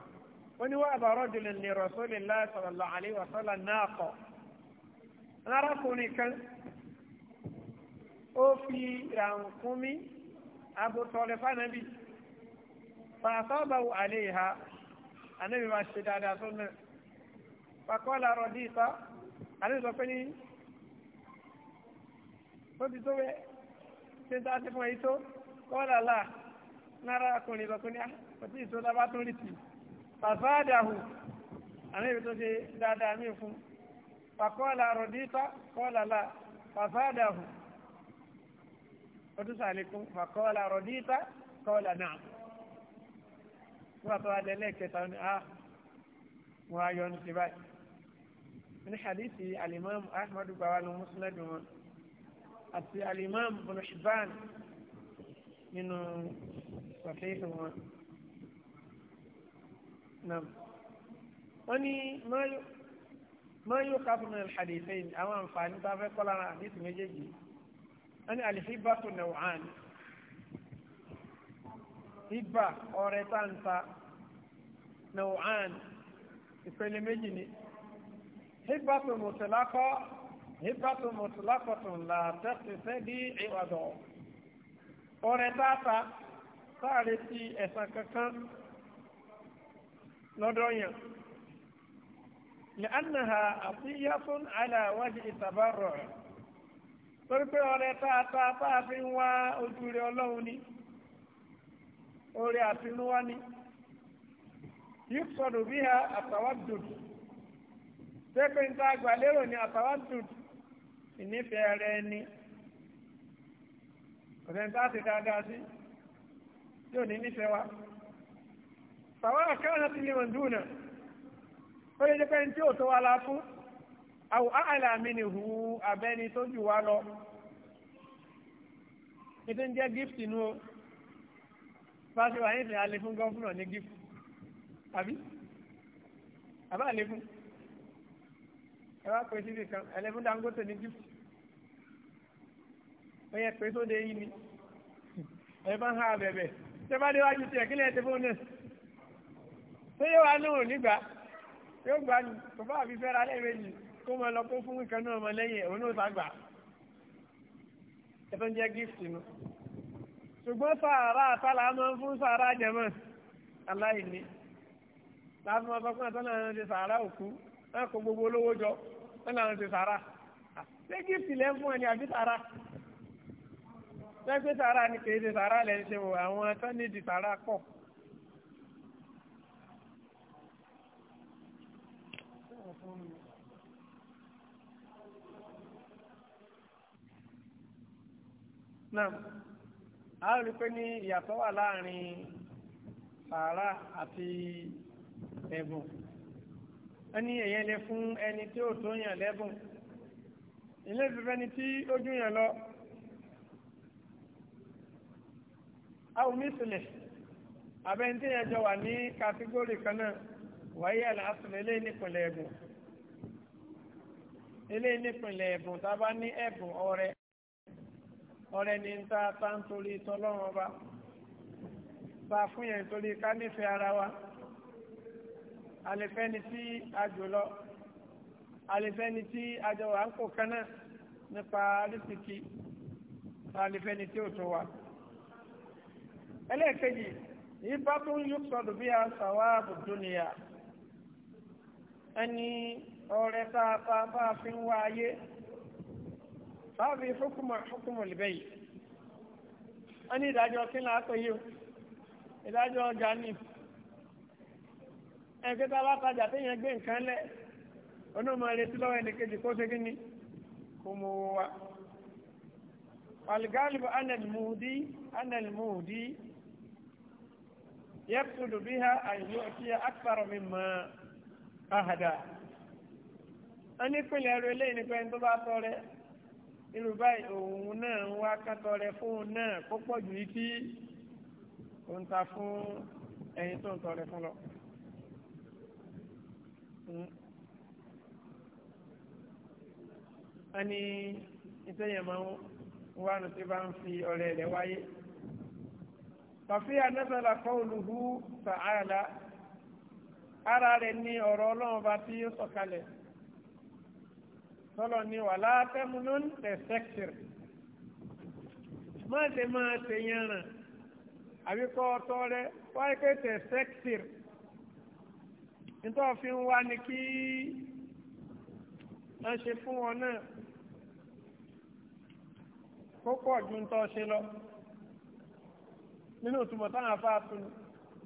وني ونواب رجل لرسول الله صلى الله عليه وسلم ناقة نرقني كان وفي رانقمي أبو طالب نبي فأصابه عليها النبي ما الشداد أصلنا فقال رديت أنا زفني فبتوه سنتاتي فويتو kọ́ọ̀dà là nára ọkùnrin lọ́kùnrin àti ah, ìṣọ́lá bá tún rí tì fàfáàdàhù àwọn ibi tó ṣe dáadáa mí fún fàkọ́ọ̀là rọ̀díta kọ́ọ̀dà là fàfáàdàhù ọdún sàlékún fàkọ́ọ̀là rọ̀díta kọ́ọ̀dà náà wọ́n tó adé lẹ́ẹ̀kẹta ní a wọ́n ayọ̀ ní ti báyìí ní hadithi alimami ahmadu gbawalu muslim àti alimami bin hibban nínú sàfihàn wọn. Nam. Wọ́n ní máa yóò ká fún al-hadithayn àwọn àǹfààní tá a fẹ́ kọ́ lára àdìsí méjèèjì. Wọ́n ní al-hibbatu naw'an. Hibba ọ̀rẹ́ táǹtà naw'an ìpele méjì ni. Hibbatu mutlaqah hibbatu mutlaqah la taqtadi 'iwada ọrẹ dáta sáàrẹ sí ẹ̀sán kankan lọ́dọ̀ yàn lẹ́nàá àfihàn aláwájú ìtàbárọ̀ torí pé ọrẹ táata táa fi ń wá ojú rẹ ọlọ́run ni orí àtinúwá ni yìí sọ̀dọ̀ bí ha àtàwádùdù tẹ́pẹ́ ń tá àgbà lérò ní àtàwádùdù ìnífẹ̀ẹ́ rẹ ni ọ̀sẹ̀ tá a ti dáadáa sí tí ò ní nífẹ̀ẹ́ wa fàwọn àkáwọn ti lè wọ̀n dùn náà ó lè dẹ́pẹ́ tí ò tó wa la fún àwọn àlàmì ni hu abẹ́ni tó jù wá lọ ètò ń jẹ́ gift inú o bá ṣe wà ní ìsìn alẹ́ fún gọ́fúnà ní gift àbí àbá àlẹ́ fún ẹ wá pèsè nìkan ẹlẹ́fún Dangote ní gift ẹ̀yẹ pé sóde yìí ni ẹ̀ bá ń ha bẹ̀bẹ̀ tẹ́ bá déwájú tiẹ̀ kí lẹ́yìn tẹ fóònù ẹ̀ tó yẹ wá lóhùn nígbà yóò gbà ní tó bá fi fẹ́ra lẹ́ẹ̀mejì kó máa lọ kó fún nǹkan náà ọmọ lẹ́yìn òun náà sàgbà ẹ tó ń jẹ́ gift nu ṣùgbọ́n sàárà àtàlà máa ń fún sàárà jẹ̀mọ́ aláìní láti máa sọ pé àtàlà náà ti sàárà òkú náà kó gbogbo olówó jọ náà náà ti sàárà ṣé gift lẹ́ fún ẹni àbí sàárà lẹ́gbẹ́ sàárà ni kèéde sàárà lẹ́ni ṣe wò àwọn tó nídi sàárà pọ̀ náà a rí pé ní ìyàtọ̀ wà láàrin sàárà àti ẹ̀bùn ẹni èyàn lè fún ẹni tí ó tó yàn lẹ́bùn ilé ìfẹ́fẹ́ ni tí ó jù yàn lọ àwọn mísìlẹ̀ abẹ́ntí ẹjọ́ wà ní kàtígórì kan náà wáyé àlàáfíà ilé nípìnlẹ̀ ẹ̀bùn ilé nípìnlẹ̀ ẹ̀bùn tá a bá ní ẹ̀bùn ọrẹ ọrẹ ní ń ta ta ń torí tọlọ́run ọba ta fún yẹn torí ká nífẹ̀ẹ́ ara wa alẹ́fẹ́ni tí a jò lọ alẹ́fẹ́ni tí a jọ wà ń kó kan nípa arísìkí alẹ́fẹ́ni tí ò tó wa ẹlẹ́ẹ̀kejì yìí bá tó ń yọ̀sọ̀dù bí àṣàwà àbùdó nìyà ẹni ọrẹ tá a bá bá a fi ń wá ayé fáàbí fúkúmọ̀ fúkúmọ̀ lìbẹ́ yìí wọ́n ní ìdájọ́ kí ńlá pé yìí ìdájọ́ ọjà ni ẹ̀kẹ́ tá a bá tajà téèyàn gbé nǹkan lẹ̀ onímọ̀ retí lọ́wọ́ ẹnìkejì kó ṣe kí ni kò mọ̀ wá. Algalibu anel muudi anel muudi يقصد بها أن يؤتي أكثر مما أهدى أن يقول لي نكو أن تبعثوري irú báyìí òun náà ń wá kátọrẹ fóun náà kó pọ̀ jù yí tí ó ń ta fún ẹni tó ń tọrẹ fún lọ. a ní ìtẹ̀yẹ̀ máa ń wá nù tí bá ń fi ọ̀rẹ́ rẹ̀ wáyé fàfíà nẹ́sàlà kọ́ọ̀lùhù sàárà ara rẹ̀ ní ọ̀rọ̀ ọlọ́run bá tí ó sọ̀kalẹ̀ tọ́lọ̀ ni wà látẹ́múnú tẹ̀sẹ̀kìrì máa ṣe máa ṣe yànràn àbíkọ́ ọtọ́ rẹ wáyé pé tẹ̀sẹ̀kìrì nítorí fi ń wá ni kí wọ́n ṣe fún wọn náà kó pọ̀ ju ń tọ́ ṣe lọ nínú ìtumọ̀ táwọn afá fún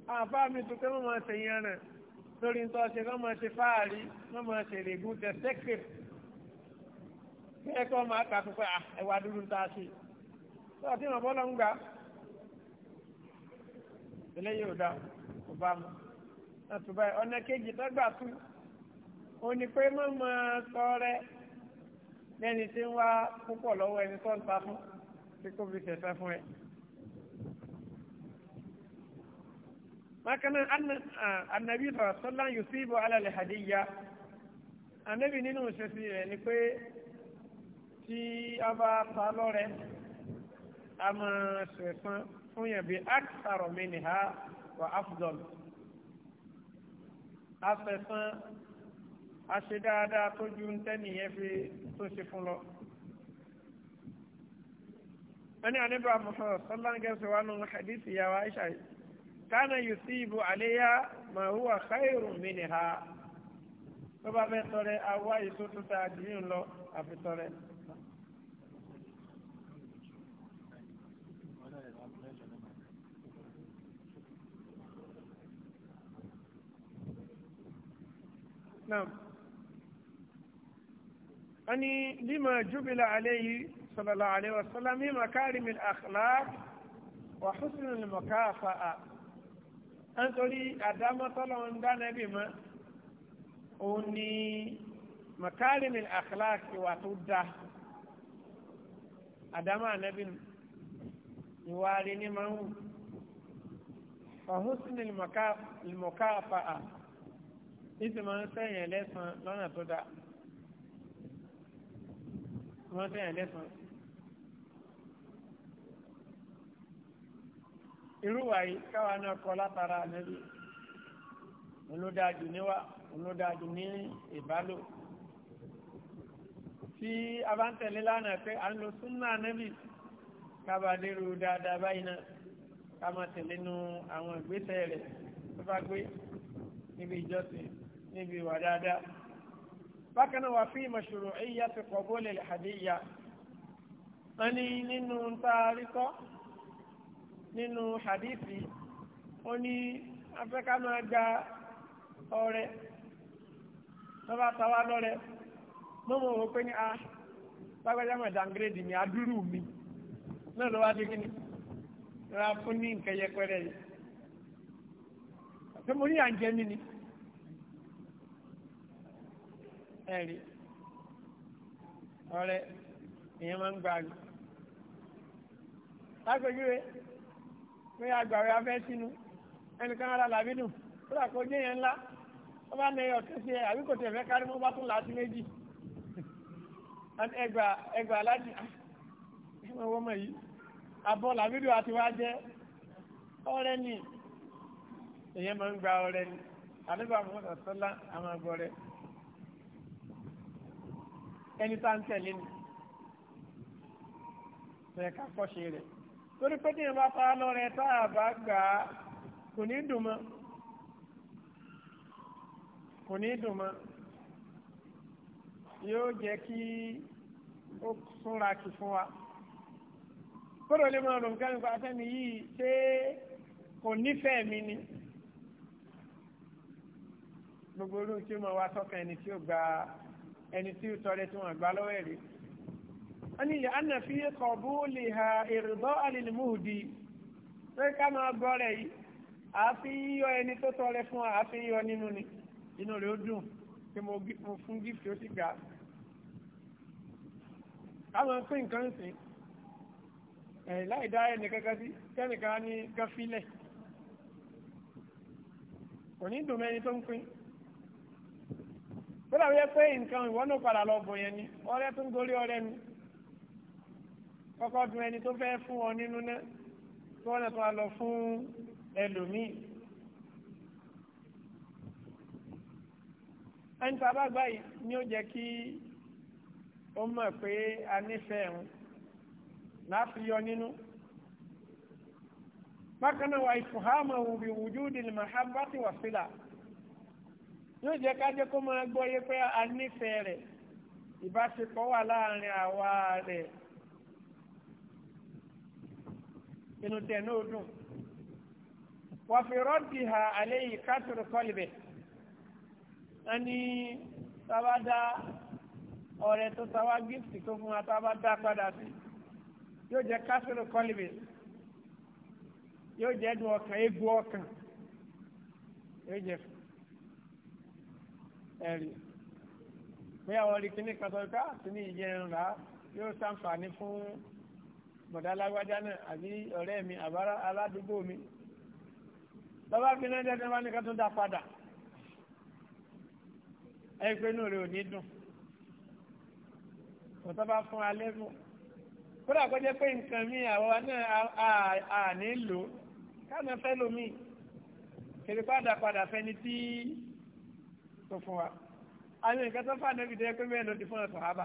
àwọn afá mi tún pé wọ́n máa ṣe yẹn rẹ̀ lórí ń tọ́ṣe wọ́n máa ṣe fáàrí wọ́n máa ṣe lègùn tẹ̀ sẹ́kẹ̀ kẹ́kọ̀ọ́ máa kà fún pé ẹwà dúdú ń ta ṣe tó àti ìrànbọ́ lọ ń gbà eléyìí ò dá kò bá mu láti báyìí ọ̀nà kejì tó gbà tú ó ní pé má máa tọrẹ lẹ́ni tí ń wá púpọ̀ lọ́wọ́ ẹni tó ń ta fún tí kò fi ṣẹ̀fẹ́ fún ẹ. bákanáà anabi sọ̀rọ̀ sọ́lá yusufu alàlẹ́ hadiya anabi nínú ìṣesí rẹ̀ ni pé tí a bá pa lọ́rẹ̀ a máa ṣẹ̀sán fún yẹn bí aksaro minha wa afdol a ṣẹ̀sán a ṣe dáadáa tó ju ń tẹ́nìyẹn fi tó ṣe fún lọ wọ́n ní anabi amọ̀sọ̀rọ̀ sọ́lá ń gẹ̀ẹ́sì wa nù hadisi yà wá ìṣàyẹ̀. كان يصيب عليها ما هو خير منها طبعا بيتوري أوا يسوت تاجين لو أبيطري نعم أني لما جبل عليه صلى الله عليه وسلم مكارم الأخلاق وحسن المكافأة nítorí àdámọ́tọ́lọ́ ń dá nẹ́bì mọ́ òun ni makarim al-akhlaq ìwà tó da àdámọ́ ànẹ́bì ìwà rí ní máa ń wù ọ̀húsìn ìmọ̀ká àfàà ìsì máa ń sẹ́yìn ẹlẹ́sàn lọ́nà tó da máa ń sẹ́yìn ẹlẹ́sàn. irúwà yìí káwa náà kọ látara ànábì olódàájú níwà olódàájú ní ìbálò tí a bá ń tẹ̀lé lánàá pé à ń lo súnà ànábì kába lérò dáadáa báyìí náà ká máa tẹ̀lé nu àwọn ìgbésẹ̀ rẹ̀ tó bá gbé níbi ìjọsìn níbi ìwà dáadáa bákan náà wà fí mashru'iyyati qabul al-hadiyya wọ́n ní nínú ń tá rí kọ́ nínú hadithi ó ní afẹ́ká máa gba ọrẹ tọ́ba tawa lọ́rẹ mọ́mọ́ wò pé ní a ah, lágbájá mọ̀ dangrèdì mi adúrú mi náà ló wá dé kí ni rárá fún ní nǹkan yẹpẹrẹ yìí pé mo ní à ń ni ẹ̀rí ọrẹ èèyàn máa ń gbà ní. lágbèjúwe pé agbàwẹ̀ afẹ́ sínú ẹnìkan ara làbí dùn ó dà kó jẹ́ yẹn ńlá ó bá ní ọ̀kẹ́ sí ẹ àbí kò tẹ̀ fẹ́ kárí mọ́ bá tún láti méjì ẹgbà ẹgbà láti ah, ẹmọ owó mọ̀ yìí abọ́ làbí dùn àti wá jẹ́ ọ̀rẹ́ ni èyàn máa ń gba ọ̀rẹ́ ni àdébà mọ́tò sọ́lá àwọn agbọ̀rẹ́ ẹni tá ń tẹ̀lé ni bẹ́ẹ̀ kọ́ ṣe rẹ̀ torí pé tíyẹn bá fa lọ́rẹ̀ tá a bá gbà á kò ní dùn mọ́ kò ní dùn mọ́ yóò jẹ́ kí ó súnra kì fún wa kódò lè máa rò nípa afẹ́mi yìí ṣé kò nífẹ̀ẹ́ mi ni gbogbo olóhùn tí ó máa wá sọ́kàn ẹni tí ó gba ẹni tí ó tọrẹ tí wọ́n gbà lọ́wọ́ ẹ̀rí wọ́n ní anna fi qabuliha irda'a lil muhdi pé ká máa gbọ́ rẹ̀ yìí àfi yíyọ ẹni tó tọrẹ fún wa àfi yíyọ nínú ni inú rẹ̀ ó dùn pé mo fún gífì ó sì gbà á. káwọn pín nǹkan sìn ẹ̀ láì dá ẹnì kankan sí kẹ́nìkan ní gáfílẹ̀ kò ní dùn mẹ́ni tó ń pín kódà wíyẹ pé nǹkan ìwọ́n náà padà lọ bọ̀ yẹn ni ọ̀rẹ́ tó ń gorí ọ̀rẹ́ ni kọ́kọ́ dùn ẹni tó fẹ́ fún ọ nínú náà tí wọ́n náà tó wá lọ fún ẹlòmíì. ẹni tá a bá gbà yìí ni ó jẹ́ kí ó mọ̀ pé a nífẹ̀ẹ́ òun láti yọ nínú. bákan náà wà ìfòhámà òbí wùjúdì lè máa bá ti wà sílà yóò jẹ́ ká jẹ́ kó máa gbọ́ yé pé a nífẹ̀ẹ́ rẹ̀ ìbáṣepọ̀ wà láàárín àwa rẹ̀. inú tẹ̀ náà dùn wàfi rọ́dì ha alẹ́ yìí kátìrì kọ́lìbẹ̀ ẹni sábàdá ọ̀rẹ́ tó sáwá gíftì tó fún wa sábàdá padà sí yóò jẹ́ kátìrì kọ́lìbẹ̀ yóò jẹ́ dùn ọkàn egbò ọkàn yóò jẹ́ ẹ̀rí bóyá wọ́n rí kíní kan tó ká kíní ìjẹun rà yóò ṣàǹfààní fún bọ̀dá alágbájá náà àbí ọ̀rẹ́ mi àbára aládùúgbò mi bàbá fi náà jẹ́ tẹ́wọ́n ní ká tún dá padà ẹ pé inú rẹ̀ ò ní dùn kò tó bá fún alẹ́ fún kódà kó jẹ́ pé nǹkan mi àwa náà à nílò káàmì fẹ́ lomi kèrè padà padà fẹ́ni tí tó fún wa àwọn nǹkan tó fà náà fi jẹ́ mẹ́rin ló ti fún ọ̀sán ábà.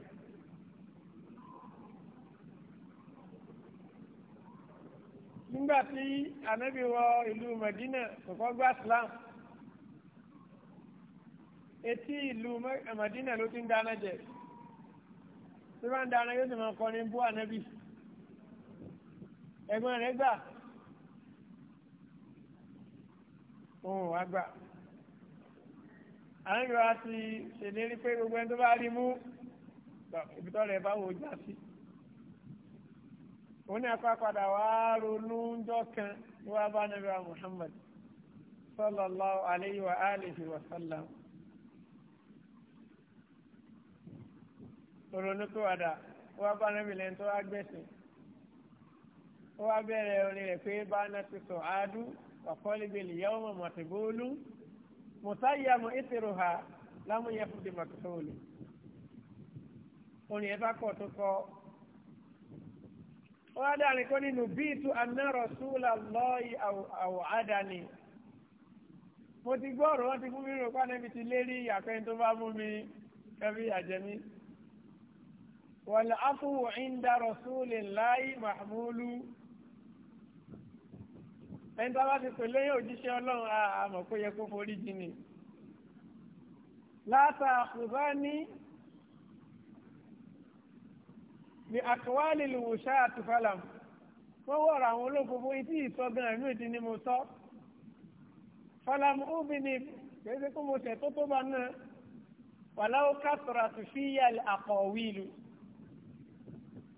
nígbà tí ànábì wọ ìlú Medina kọ́kọ́ gba Islam etí ìlú Medina ló ti ń dáná jẹ tí wọ́n ń dáná yóò sì máa kọrin bú ànábì ẹ̀gbọ́n rẹ̀ gbà òun wá gbà ànábì wa ti ṣèlérí pé gbogbo ẹni tó bá rí mú ibi tọ́ rẹ̀ bá wò ó já sí òun ní apá padà wá ronú ńjọ́ kan ní wàá bá nàbí wa Muhammad sallallahu alayhi wa alihi wa sallam. ronú pé wàdà wàá bá nàbí lẹ́yìn tó wá gbẹ̀sìn ó wá bẹ̀rẹ̀ orin rẹ̀ pé bá náà ti sọ àádú wàkọ́lébìlì yẹ́wò mọ̀ mọ̀tìbóòlù mùsáyàmù ìtìrùhà lámúyẹ́fù di mọ̀tìbóòlù. orin yẹn bá kọ̀ tó kọ́ wọ́n dá ní kó nínú bíìtù anáàrọ̀ súlà lọ́ọ̀yì àwòádání mo ti gbọ́ọ̀rọ̀ wọ́n ti fún mi rògbà níbi ti lérí ìyàpẹ́ tó bá mú mi kẹ́bí àjẹmí wọ́n lè áfúwò ìndàrọ̀ súlè láì màmúlù ẹni tó bá ti pè lẹ́yìn òjíṣẹ́ ọlọ́run àmọ̀ kó yẹ kó forí jì ní ní ní àkọwálì lùwùṣà àtúfàlà wọ́n wọ̀rọ̀ àwọn olókùnfò etí ìsọ̀gàn ẹ̀nú ìdí ni mo sọ. fàlàmù ubini gbèsè kó mo tẹ̀ tó tó bá náà wàláwó kásọ̀rọ̀ àtúfíyà àkọ̀wé ìlú.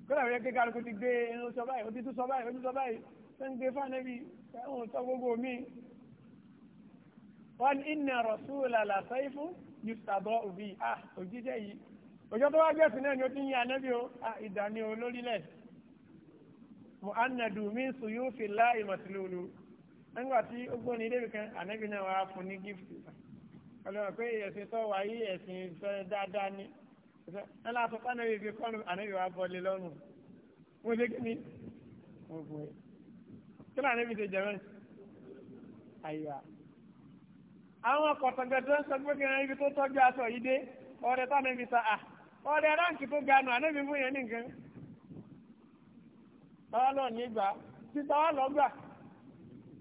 kódà wíyẹn kékeré kó ti gbé ẹnu sọ báyìí ojú tó sọ báyìí ojú sọ báyìí tó ń gbé fáńẹ́bí ẹ̀hún sọ gbogbo mi. wọ́n ìnà rọ̀ṣúlà làṣẹ́ ìfún yusuf àbọ̀ òbí à òjíṣẹ́ yìí òjò tó wá gbèsè náà ni ó ti ń yí anábì ó ìdání o lórílẹ̀ mu'annadu min suyufi láì màtìlúlu nígbà tí ó gbóni débi kan anábì náà wàá fún ní gífìtì ọlọ́run pé ẹ̀sìn tó wà yí ẹ̀sìn ìfẹ́ dáadáa ni ẹ láti fún anábì fi kọ́nu anábì wàá bọ́lé lọ́rùn mo ṣe kí ni mo bù ẹ́ kí ló anábì ṣe jẹ́ àyà àwọn kọ̀tọ̀gbẹ̀dẹ̀ ń sọ pé kí ibi tó tọ́jú aṣọ yìí dé ọ̀rẹ́ tá ọ̀rẹ́ ráǹkì tó ga nù ànábì fún yẹn nìkan tọ́wọ́ lọ ní gbà tí tọ́wọ́ lọ gbà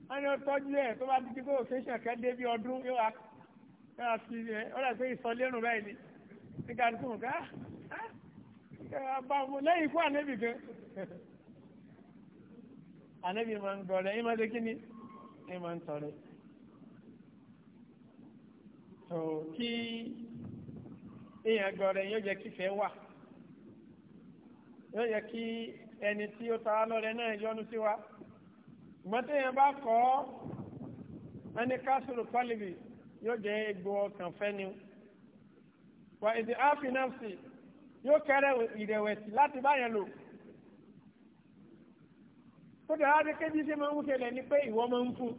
wọ́n ní ó tọ́jú ẹ̀ tó bá dídí kó òkèèṣàn kẹ́ dé bí ọdún yóò wá ẹ̀ wá sí ẹ̀ ọ̀rẹ́ àti ìsọlérù báyìí ni nígbà tó ń ká àbàmù lẹ́yìn ikú ànábì kan ànábì máa ń gbọ́rẹ́ ẹ̀ máa ṣe kí ni ẹ̀ máa ń kí èèyàn gọ̀ọ̀rẹ̀ yóò jẹ́ kífẹ́ wà yóò jẹ́ kí ẹni tí ó ta lọ́rẹ̀ náà yọ́nú sí wa ṣùgbọ́n téèyàn bá kọ́ ẹni kásùrù pálíbì yóò jẹ́ egbò ọkàn fẹ́ni wà èdè áfínàfsì yóò kéré ìrẹ̀wẹ̀sì láti báyẹn lò ó dẹ̀ láti kéjì sí máa ń ṣẹlẹ̀ ni pé ìwọ máa ń fún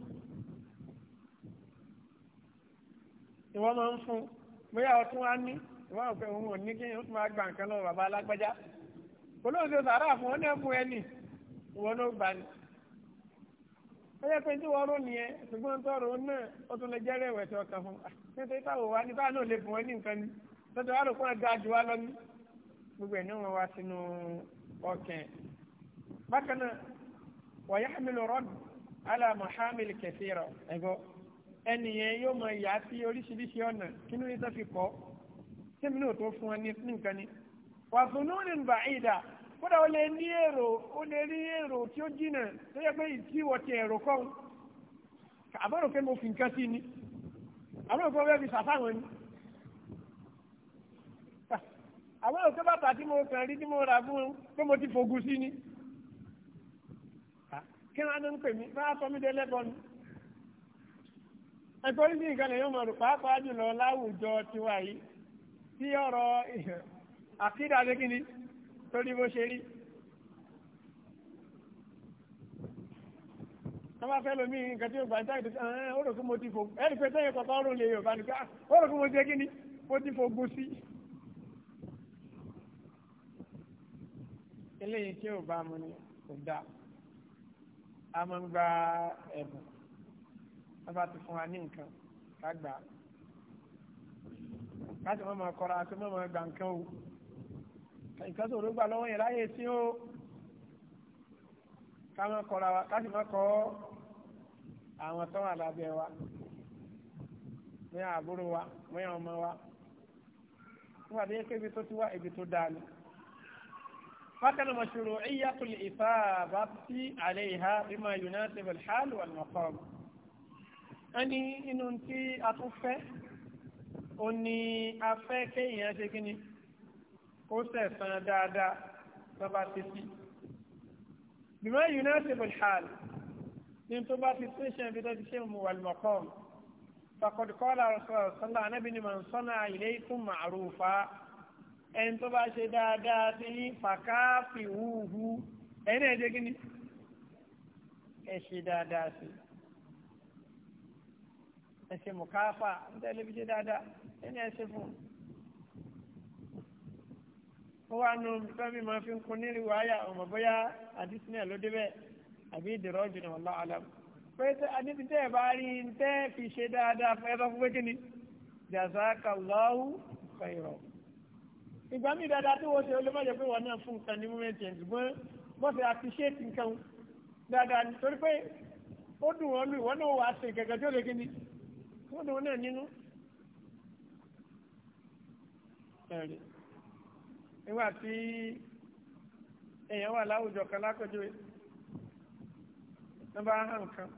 ìwọ máa ń fún bóyá ọtún wá ní wọ́n á fẹ́ òun ò ní kí ó máa gba nǹkan lọ́wọ́ bàbá alágbájá olóhùn ṣe sàárà fún ọ náà fún ẹnì wọn ló gbà ní. ó yẹ pé tí wọ́n rò nìyẹn ṣùgbọ́n tọrọ náà ó tún lè jẹ́rẹ̀ ìwẹ̀sẹ̀ ọkàn fún un ah, nítorí táwọn wa ní báà náà lè fún ẹ ní nǹkan ni lọ́dọ̀ wà lókun ẹ̀dá ju wa lọ ní gbogbo ẹ̀ ní wọn wá sínú ọkàn. bákan náà wọ́n yá mi lọ́rọ́ alá mohammed kẹfì rọ ẹ̀gọ́ ẹnìyẹn yóò mọ ìyá sí oríṣiríṣi ọ̀nà kí tèmi náà tó fún ẹ ní nǹkan ni wàtúnú ní nbà ìdá kódà ó lè ní èrò ó lè rí èrò tí ó jìnà tó yẹ pé ìtí wọ ti èrò kọ́ àbọ̀rò pé mo fi nǹkan sí ni àbọ̀rò pé wọ́n fi sàfáwọn ni àbọ̀rò pé bàtà tí mo kàn rí tí mo rà fún pé mo ti fògùn sí ni kí ni wọ́n ń pè mí wọ́n á sọ mí dé lẹ́bọ̀ ni ẹ̀kọ́ orí sí nǹkan lè yọ̀ mọ̀ rò pàápàá jùlọ láwùjọ tiwa yìí tí ọ̀rọ̀ àkídà ṣe kí ni torí bó ṣe rí. wọ́n bá fẹ́ lomi nǹkan tí ó gbà ń tàbí ẹ̀ẹ́n ó rò kí mo ti fò ẹ̀rì pé sẹ́yìn kọ̀ọ̀kan ọ̀rùn lè yorùbá nìkan ó rò kí mo ti kí ni mo ti fò gùn sí. eléyìí tí ò bá mu ni kò dáa a máa ń gba ẹ̀bùn wọ́n bá ti fún wa ní nǹkan ká gbà á láti mọ́ máa kọ́ra àti mọ́ máa gbà nǹkan o nǹkan tó rúgbà lọ́wọ́ yẹn láyé tí ó ká máa kọ́ra wa láti máa kọ́ àwọn tó wà lábẹ́ wa bóyá àbúrò wa bóyá ọmọ wa fún àdéyé kébi tó ti wá ibi tó dáa ni. فكان مشروعية الإفاضة عليها بما يناسب الحال والمقام. أني إن أنت أتوفي ó ní afẹ́ kéèyàn ṣe kí ni ó sẹ̀sán dáadáa tó bá ti sí bímọ yunásìbò hàl ní tó bá ti tún ṣe tó ti ṣe mu wàlmọ̀kọ́m fàkọ̀dùkọ́lá sọ̀rọ̀sọ́lá anábìnrin mọ̀ sọ́nà ilé ikú màrúfà ẹni tó bá ṣe dáadáa sí fàkáàfì wúhu ẹni ẹ̀ kí ni ẹ̀ ṣe dáadáa sí i ẹsẹ mọkàáfà níta ilé bíjẹ dáadáa ẹni ẹsẹ fún ó wà nù fẹmi máa fi ń kun ní riwaya ọmọ bóyá àdìsí náà ló débẹ̀ àbí ìdìrọ jùlọ ọlọ àlàm pẹsẹ àdìsí tẹ ẹ bá rí n tẹ fi ṣe dáadáa fún ẹ bá fún pé kíni jazakallahu khairan ìgbà mi dáadáa tí wọ́n ṣe olómọ̀jẹ̀ pé wọ́n náà fún nǹkan ní mọ́mẹ́ntì ẹ̀ ṣùgbọ́n wọ́n ti àfiṣẹ́ẹ̀tì nǹkan dáadáa nítorí pé ó dùn wọ́n lù wọ́n náà wà á ṣe nǹkan kan tí ó lè kí wọ́n dùn náà nínú ẹ̀rí nígbà tí èèyàn wà láwùjọ kan lákòjúwe wọ́n bá hàn kan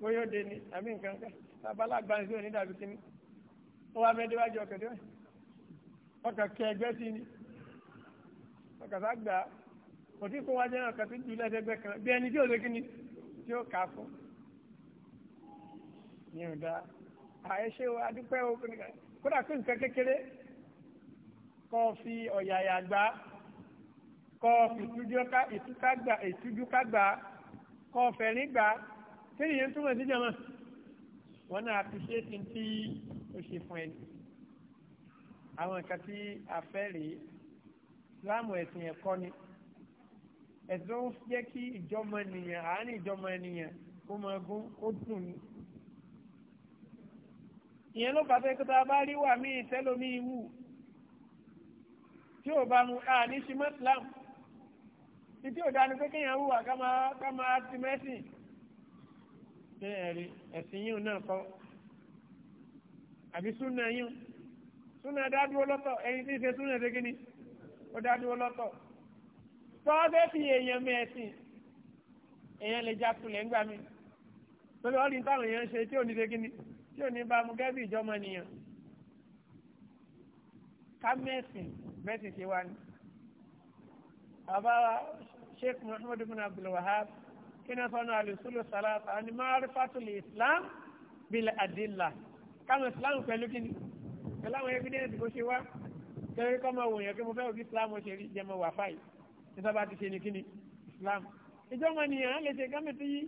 bóyá ó de ni àbí nǹkan kan babalagba ní sí òní dàbí kíní ó wá mẹ́dẹ́wájú ọkàn tí wọ́n ọkàn kẹ ẹgbẹ́ sí ni ọkàn sá gbà á kò tí kó wájú náà kàn sí jùlọ kan bí ẹni tí ò lé kíní tí ó kà fún ní ọ̀dá wa adúpẹ́ obìnrin kódà kí nǹkan kékeré kọ́ fi ọ̀yàyà gbá kọ́ fi ìtújúká gbá kọ́ fẹ̀rín gbá kí nìyẹn túmọ̀ sí jẹ́mọ̀ wọn náà fi ṣe ti ti ó ṣe fún ẹni àwọn nǹkan tí a fẹ́ rèé láàmù ẹ̀sìn ẹ̀kọ́ ni ẹ̀sìn tó jẹ́ kí ìjọmọ ènìyàn àárín ìjọmọ ènìyàn kó máa gún ó dùn ni ìyẹn ló fàtẹ́ kí tá a bá rí wà míì tẹ́lómi ìwù tí ò bá mu a ní ṣe mọ́sílám títí ò dánu pé kéèyàn wùwà ká máa ti mẹ́sìn ṣe ẹ̀rí ẹ̀sìn yìí náà kọ́ àbí súnà yìí súnà dádúró lọ́tọ̀ ẹni tí ń ṣe súnà ṣe kíni ó dádúró lọ́tọ̀ tọ́ọ́dẹ́ fi èèyàn mẹ́sìn èèyàn lè já kulẹ̀ ńgbà mi torí táwọn èèyàn ṣe tí ò ní ṣe kíni tí ò ní bá mu gẹ́bí ìjọmọ nìyàn kámẹ́sìn mẹ́sìn ṣe wá ní. àbára sheikh muhammadu bin abdul wahab kíni sọ́nà alùsùlù sàlàtà àni ma'rifatul islam bil adilla kámẹ́ islam pẹ̀lú kíni pẹ̀lú àwọn evidence bó ṣe wá kẹ́rẹ́ kọ́ máa wòyàn kí mo fẹ́ òbí islam ṣe rí jẹ́ wà fáyì nígbà bá ti ṣe ní kíni islam ìjọmọ nìyàn lè ṣe gámẹ́tì yìí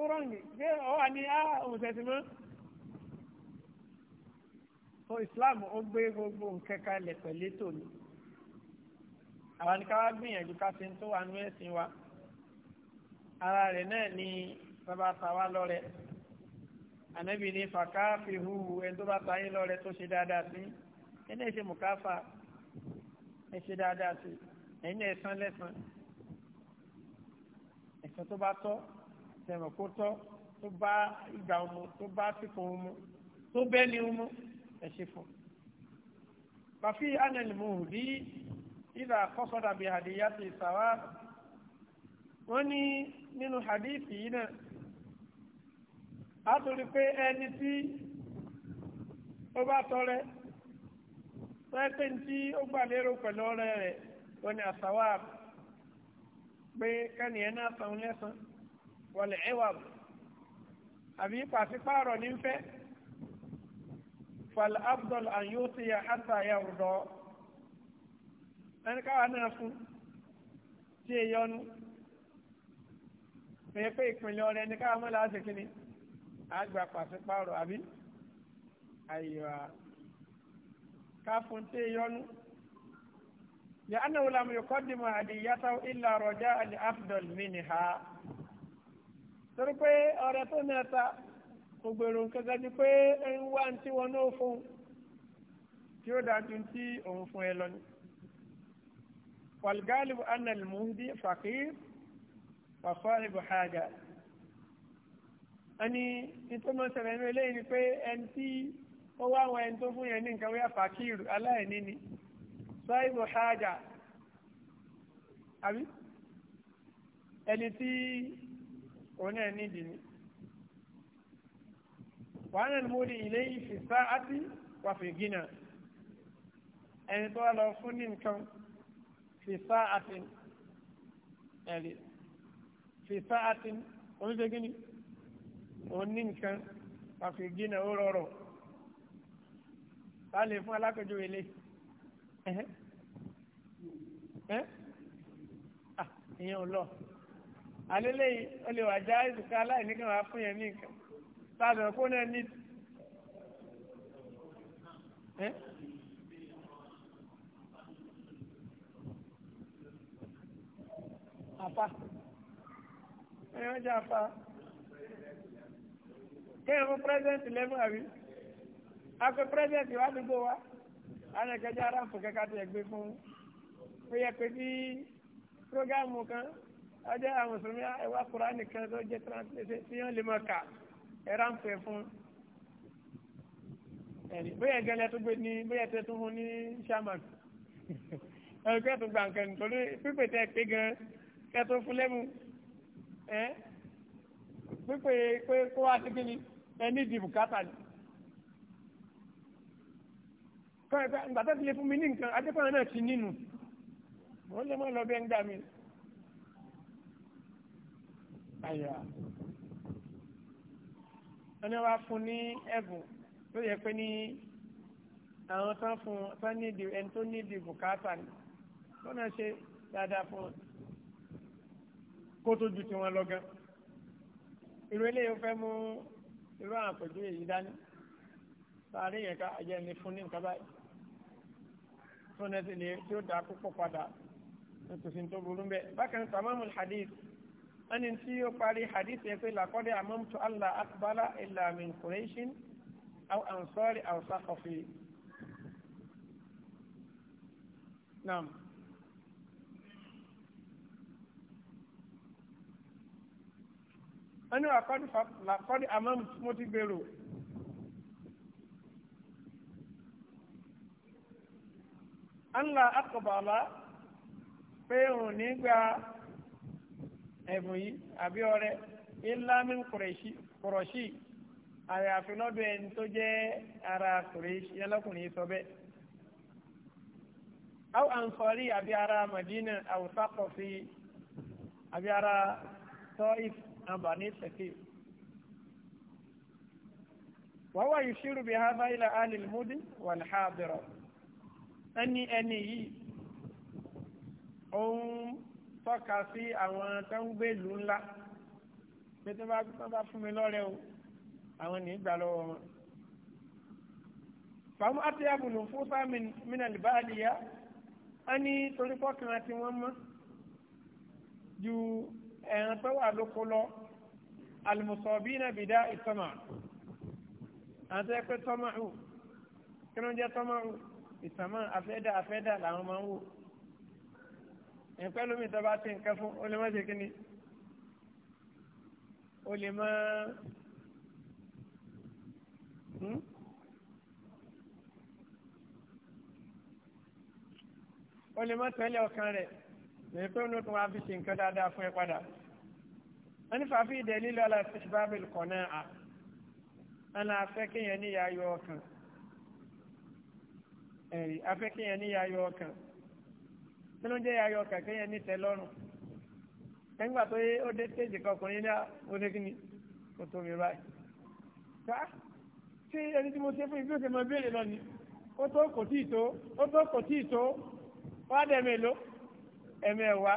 ó rọ̀ǹgì gbé ọ̀wà ní á ah, òun mọ́ so islam ó gbé gbogbo nǹkan kalẹ̀ pẹ̀lú ètò ni àwa ni ká wá gbìyànjú ká ṣe ń tó wa nú ẹ̀sìn wa ara rẹ̀ náà ni bàbá ta wá lọ́rẹ̀ ànábì ní fàkáàfì hùwù ẹni tó bá ta yín lọ́rẹ̀ tó ṣe dáadáa sí ẹni ẹ̀ ṣe mùkáfà ẹ̀ ṣe dáadáa sí ẹ̀yin ẹ̀sán lẹ́sàn ẹ̀sán tó bá tọ́ tẹ̀mọ̀ kó tọ́ tó bá ìgbà ọmọ tó bá síkò ọmọ tó bẹ́ẹ̀ ni ọmọ ẹ ṣe fún un. kàfí anel muhudi ìlà kọ́sọ́dà bíi àdìyá ti sàwá wọ́n ní nínú hadithi yìí náà a torí pé ẹni tí ó bá tọrẹ pẹ́ẹ́pẹ́ tí ó gbà lérò pẹ̀lú ọ̀rẹ́ rẹ̀ wọ́n ní àsàwà pé kánìyàn náà san lẹ́sàn wọlé ẹ̀wà àbí pàṣípààrọ̀ ní fẹ́. فالأفضل أن يوصي ya يرضى ẹni káwa náà fún tí e yọnu pé pé ìpínlẹ̀ ọ̀rẹ́ ẹni káwa mọ́lá ṣe kí ni àgbà pàṣípààrọ̀ àbí àyíwá ká fún tí e yọnu yà á náà wùlámù yóò kọ́dìmọ̀ àdìyàtà ìlà rọ̀jà àlè afdol mìnìhà torí pé ọ̀rẹ́ tó náà ta gbogbo èrò kẹta ni pé ẹ ń wá tí wọn náà fún tí ó dájú tí òun fún ẹ lọ ni. والغالب أن المهدي فقير وصاحب حاجة ẹni ìtọ́mọ sẹ̀rẹ̀ ní eléyìí ni pé ẹni tí ó wá àwọn ẹni tó fún yẹn ní nǹkan wíyà fàkíìrù aláìní ni sọ́ìbù hájà àbí ẹni tí òun náà nídìí ni wàhánà ni mo di ilé ìfìsá àti wàfẹ̀gínà ẹni tó wà lọ fún ní nǹkan fìsá àti ẹ̀rí fìsá àti oníṣẹ́gínì òní nǹkan wàfẹ̀gínà ó rọrọ̀ bá lè fún alákòjọ ilé ẹ̀hẹ́ ẹ́ ìyẹn ò lọ àlélẹ́yìn olè wà já ìsìnká aláìníkàn wà fún yẹn ní nǹkan tàbí ẹ̀kọ́ náà ní. Àfa ẹ̀yọ́ jẹ́ àfa kéèyàn fún pírẹ́sẹ̀ntì lẹ́mú àbí afẹ́ pírẹ́sẹ̀ntì wá dúgbò wa alẹ́kẹ́jẹ́ ara ń fò kẹ́kẹ́ àti ẹ̀gbẹ́ fún ó yẹ pé bí prógámù kan ọjọ́ àwọn mùsùlùmí ẹ̀wá kúránì kan tó jẹ́ tí wọ́n lè mọ̀ ká. ẹ ránṣẹ́ fún ẹ̀rí bóyá ẹ̀gẹ́lẹ́ tó gbé ní bóyá ẹ̀tẹ́ tó fún ní shamag ẹ̀rí kẹ́ẹ̀tù gbà nǹkan nítorí pípé tẹ́ pé gan kẹ́ẹ̀tù fún lẹ́mu ẹ̀ pípé pé kó wá sí kíni ẹ ìdìbò ni. tó ti lè fún mi ní nǹkan adékọ̀ọ́ náà ti nínú lè lọ ń gbà mí. ẹni wá fún ní ẹ̀bùn tó yẹ pé ní àwọn tán fún tán nídi ẹni tó nídi bùkátà ni tó náà ṣe dáadáa fún kó tó ju tiwọn lọ gan irú eléyìí ó fẹ́ mú irú àwọn àpèjú èyí dání sáré yẹn ká ẹ̀jẹ̀ ní fún ní nǹkan báyìí tó náà sì tí ó dáa púpọ̀ padà nítorí tó burú bẹ́ẹ̀ bákan tamamu hadith ẹni tí ó parí hadith yẹn pé làkọ́dé àmọ́mtu allah akbala illa min kureishin aw ansori aw sakafi. naam. ẹni àkọ́dé làkọ́dé àmọ́mtu mo ti gbèrò. allah akbala pé òun nígbà ẹ̀bùn yìí àbí ọrẹ ìlàmì kùrọ̀ṣì àyàfi lọ́dọ̀ ẹni tó jẹ́ ara kùrẹ́ṣì ẹlọ́kùnrin sọ bẹ́ẹ̀. aw ansori àbí ara madina aw sakofi àbí ara toif abani saki. wàhùwà yushiru bi hadha ila alil mudi wal hadira. ẹni ẹni yìí tọ́ka sí àwọn tó ń gbé ìlú ńlá pé tó bá fún mi lọ́rẹ́ o àwọn ní ìgbà lọ́wọ́ wọn. fàmú àtẹ́yàbù ló fún sáàmì mìíràn lìbá àdìyá a ní torí pọ́kàn tí wọ́n mọ́ ju ẹ̀ràn tó wà lóko lọ alùmùsọ̀bí náà bìdá ìtọ́mà àti ẹ̀pẹ́ tọ́mà hù kí ló ń jẹ́ tọ́mà hù ìtàmà àfẹ́dà àfẹ́dà làwọn máa ń wò nǹkan lómi tó bá ti nǹkan fún ó lè má ṣe kíni ó lè má hmm? ó lè má tẹ̀lé ọkàn rẹ̀ lè pé òun tó wá fi ṣe nǹkan dáadáa fún ẹ padà wọ́n ní fàáfi ìdẹ̀ lílọ́ la ṣe bábìlì kọ̀ náà à wọ́n náà fẹ́ kéèyàn níyàá yọ ọkàn ẹ̀rí afẹ́ kéèyàn níyàá yọ ọkàn kí ló ń jẹ́ ayọ̀ kẹ̀kẹ́ yẹn ní tẹ́lọ́rùn nígbà tó yé ó dé stéèjì kan ọkùnrin ní oníkíní kò tó mi báyìí ká ṣé ẹni tí mo ṣe fún ibi ó ṣe máa béèrè lọ ni ó tó kò tí ì tó ó tó kò tí ì tó wá dẹ̀ mélòó ẹ̀mẹ̀wá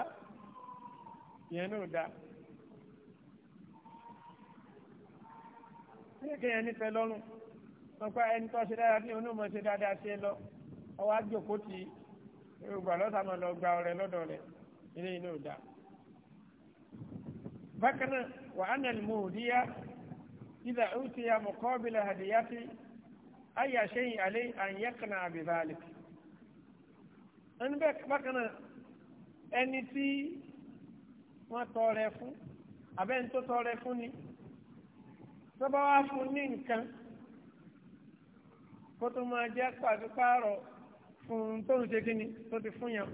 yẹn náà dáa. kéèyàn nífẹ̀ẹ́ lọ́rùn wọn pa ẹni tó ṣe dáadáa ní onímọ̀ ṣe dáadáa ṣe lọ ọwọ́ àjòkó tì í gbogbo àlọ́sà lọ gba ọrẹ lọ́dọ̀ rẹ̀ ilé iná ò dáa. bákan náà wà á nàlì mú òdíyá ìdá ya mọ̀kọ́ bílẹ̀ ayé àṣeyìn alẹ́ àyẹ̀kànnà àbíbálẹ̀. ẹni bẹ́ẹ̀ bákan náà ẹni tí wọ́n tọrẹ fún abẹ́ni tó fún ni tọ́ba wá fún ní nǹkan kó tó máa jẹ́ fún tó ń ṣe kí ni tó ti fún yàn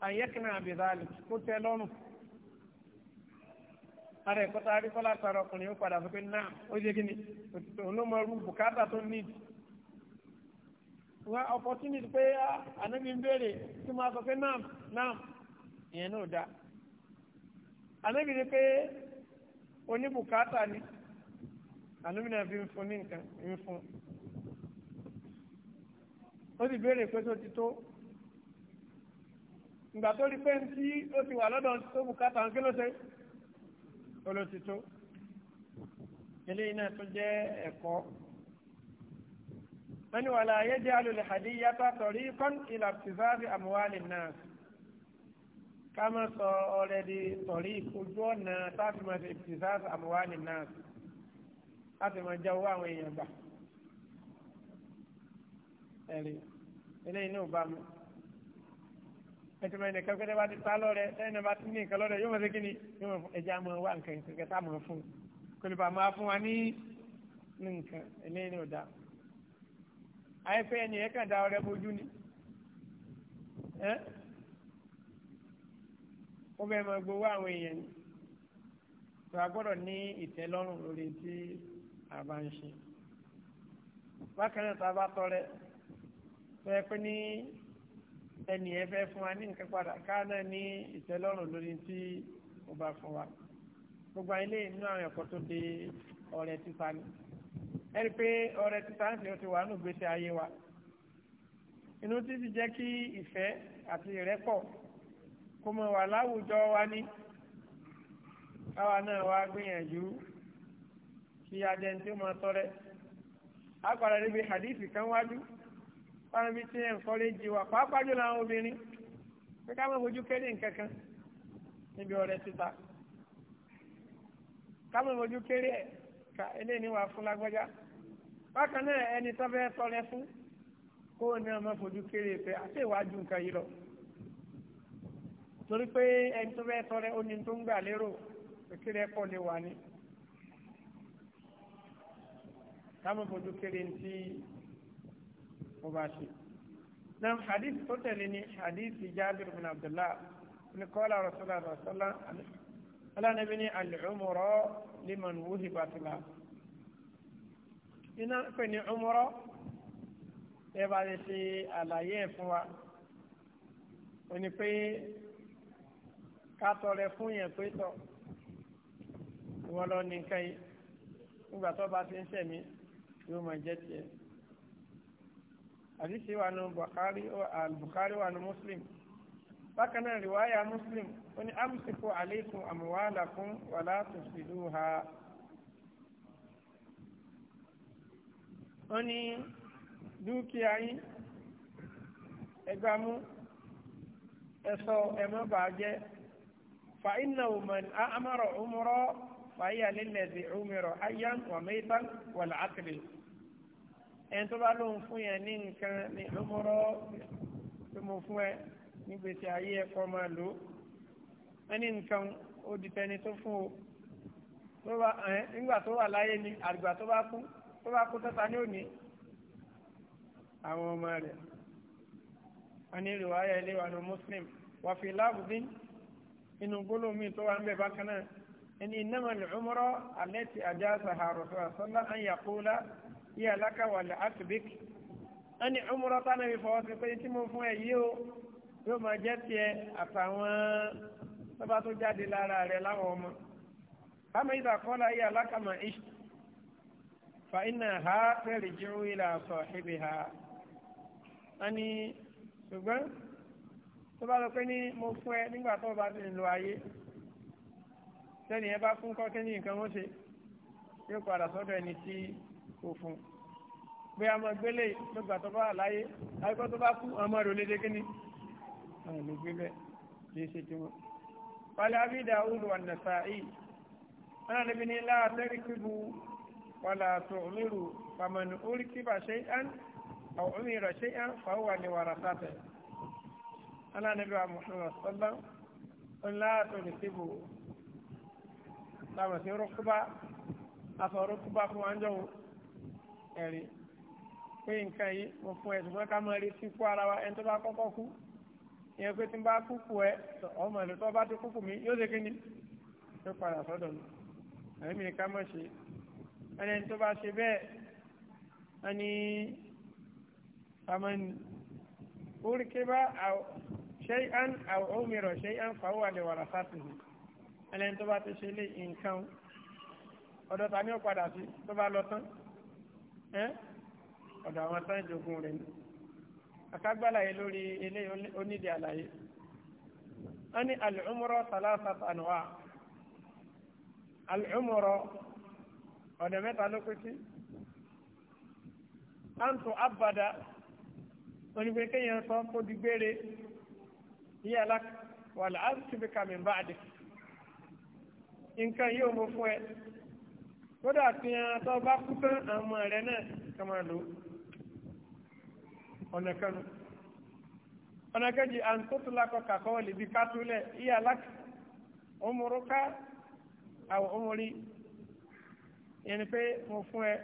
àyẹ́kìnà àbìdálì kó tẹ lọ́rùn ara ẹ̀kọ́ tá a ọkùnrin ó padà sọ pé náà ó ṣe kí ni òun ló mọ irú bùkátà tó ní wọn opportunity pé ànábi ń béèrè tí mo sọ pé náà náà ìyẹn náà dá ànábi ni pé oníbùkátà ni ànábi náà fi ń fún ní nǹkan ń fún ó sì béèrè pé tó ti tó ìgbà tó rí pé tí ó ti wà lọ́dọ̀ tó bùkátà ń kí ló ṣe ó ló ti tó eléyìí náà tó jẹ́ ẹ̀kọ́ wọ́n ní wàlá ayé jẹ́ alòlè hadiyyata tariqan ila ibtizazi amwali nas ká máa sọ ọ̀rẹ́ di tọ̀rí ojú ọ̀nà táfi máa ṣe ibtizazi amwali nas láti máa jẹ owó àwọn èèyàn gbà ẹ̀rí eléyìí ní òbámu ẹtùmọ̀ ẹnìkan pé tẹ́bá ti ta lọ́rẹ̀ ẹnì bá ti ní nǹkan lọ́rẹ̀ yóò mọ̀ sí kí ni yóò mọ̀ ẹja mọ̀ wá nǹkan ìṣẹ̀kẹ́ tá mọ̀ fún kò lè bá máa fún wa ní nǹkan eléyìí ní òdá àyẹ̀pẹ́ ẹni ẹ̀ kàn dá ọrẹ́ bójú ni ẹ́ ó bẹ́ẹ̀ máa gbowó àwọn èèyàn ni tó a gbọ́dọ̀ ní ìtẹ́lọ́rùn lórí tí a bá ń ṣe bákan náà tá a bá tọrẹ fẹ́ pé ní ẹnì yẹn fẹ́ fún wa ní nǹkan padà ká náà ní ìtẹ́lọ́rùn lórí tí ó bá fún wa gbogbo ilé inú àwọn ẹ̀kọ́ tó de ọrẹ títa ni ẹni pé ọrẹ títa ń sèwọ́n ti wà nù gbèsè ayé wa inú tí ti jẹ́ kí ìfẹ́ àti ìrẹ́pọ̀ kó mọ wà láwùjọ wa ní káwa náà wá gbìyànjú kí adẹ́ntí mọ tọrẹ àpàrà níbi hadithi kan wájú. fáwọn ibi tí ẹ̀ ń kọ́lé jí wa pàápàá jùlọ àwọn obìnrin pé ká má fojú kéré nǹkankan níbi ọ̀rẹ́ títa ká má fojú kéré ka ká fún ọmọ fojú kéré pé àti ìwájú nǹkan yìí lọ torí pé ẹni tó fẹ́ tọrẹ ó tó ń gbà bó bá ṣe. nam hadith tó tẹ̀lé ni hadith jaabir bin abdullah ní kọ́lá rasulillah rasala alanabi ni al-umra liman wuhibat lah. iná pè ní umra ẹ bá lè ṣe àlàyé ẹ̀ fún wa ó ní pé ká tọrẹ fún yẹn pé tọ ìwọ bá ti ń sẹ̀mí yóò máa jẹ́ tiẹ̀ àdìsí wa nu Bukhari al-Bukhari wa nu Muslim bákan náà riwaya Muslim ó ní amsiku aleikum amuwalakum wàlá tufsiduha ó ní dúkìá yín ẹgbàmú ẹsọ ẹmọbàjẹ fa inna man amara umra fa hiya lilladhi umira hayyan wa maytan wal aqli ẹni tó bá lóun fún yẹn ní nǹkan ní lómọ́rọ́ tó mo fún ẹ nígbèsè ayé ẹ̀kọ́ máa lò ó wọ́n ní nǹkan ó di tẹni tó fún o tó bá ẹ nígbà tó wà láyé ni àgbà tó bá kú tó bá kú tọ́ta ní òní àwọn ọmọ rẹ̀ wọ́n ní rìwáyà ilé wa ní muslim wà fi láàbùdín inú gbólómi tó wà ń bẹ̀ bákan náà ẹni innamal umra allati ajazaha rasul sallallahu alaihi wasallam an yaqula yíyà lákàwàlẹ̀ asibik wọ́n ní umrọ̀ tánà mi fọwọ́ sí pé tí mo fún ẹ yìí o yóò máa jẹ́ tiẹ̀ àtàwọn sábà tó jáde lára rẹ̀ láwọn ọmọ. kámi ìdá kọ́lá yíyà lákàmà ish fa iná ha fẹ́rẹ̀ jírú ìlà sọ ibi ha. wọ́n ní ṣùgbọ́n tó pé ní mo fún ẹ nígbà tó o bá ti ń lo ayé sẹ́ni ẹ bá fún kọ́kẹ́ ní nǹkan wọ́n ṣe yóò padà sọ́dọ̀ ẹni tí kò fún un pé a máa gbélé lọ́gbà tó bá láyé àìkọ́ tó bá kú ọmọ rẹ̀ olóde kíní àwọn olùgbé bẹ́ẹ̀ kìí ṣe tí wọ́n. wàlẹ̀ abídà olù ànàṣà yìí wọn náà níbi ní láàtẹ́rì kíbu wàlà tó mírù pàmọ́nù orí kíbà ṣe án àwọn mírà ṣe án fàáwà ní wàrà sátẹ̀. wọn níbi wa Muhammad sọ́lá ń láàtọ̀ ní kíbu láwọn sí rọ́kúbá afọ fún wa ń jọ̀wọ́ ẹ̀rí pé nǹkan yìí mo fún ẹ ṣùgbọ́n ká máa retí kú ara wa ẹni tó bá kọ́kọ́ kú ìyẹn pé tí n bá kúkú ẹ ọmọ ìlú tó bá ti kúkú mi yóò ṣe kíni tó padà sọ́dọ̀ mi ẹ̀rí mi ká mọ̀ ṣe ẹni tó bá ṣe bẹ́ẹ̀ ẹni famani oríkèbá ṣẹ́yán àwọn òmìnira ṣẹ́yán fàáwà lè wàrà sátìmù ẹni tó bá ti ṣe lé nǹkan ọ̀dọ̀ ta ni ó padà sí tó bá lọ tán ọ̀dọ̀ àwọn tán ìjogún rẹ̀ ni akágbálàyé lórí ilé onídìí àlàyé wọ́n ní alùmúrọ̀ sàlásà tànùwà alùmúrọ̀ ọ̀dọ̀ mẹ́ta ló pé sí àǹtò àbàdà onígbé kéèyàn sọ kó di gbére yíyàlá wàlá àti tìbíkà mi bá àdì nǹkan yóò mú fún ẹ kódà tí a tó bá kú tán àwọn ọmọ rẹ náà kà máa lò ọ̀nà kanu ọ̀nà kejì à ń tó tó lakọ kàkọ́ lè bi kátó lẹ̀ iye alákì ọmọrúkà àwọn ọmọrí yẹn ni pé mo fún ẹ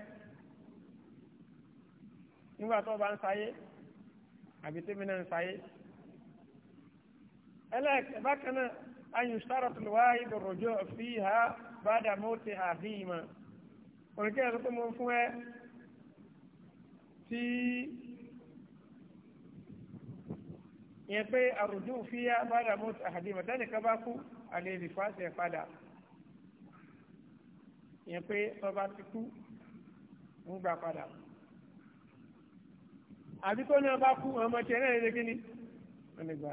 nígbà tó o bá ń sáyé àbí tèmi náà ń sáyé ẹlẹ́ẹ̀kẹ́ bákan náà ayùn sáròtò lè wáyé dòròjọ́ fi ha bá dà mọ́tì àbí òrùkẹ́ ẹ̀rọ pé mo fún ẹ tí ìyẹn pé àrùjú fíyà bàdà mọ́t àhàdìmọ̀ tẹ́nìkan bá kú àlè rìfáàsì ẹ̀ padà ìyẹn pé ọba ti kú ń gbà padà àbí kó ní ọba kú ọmọ tiẹ̀ náà lè kíni wọ́n lè gbà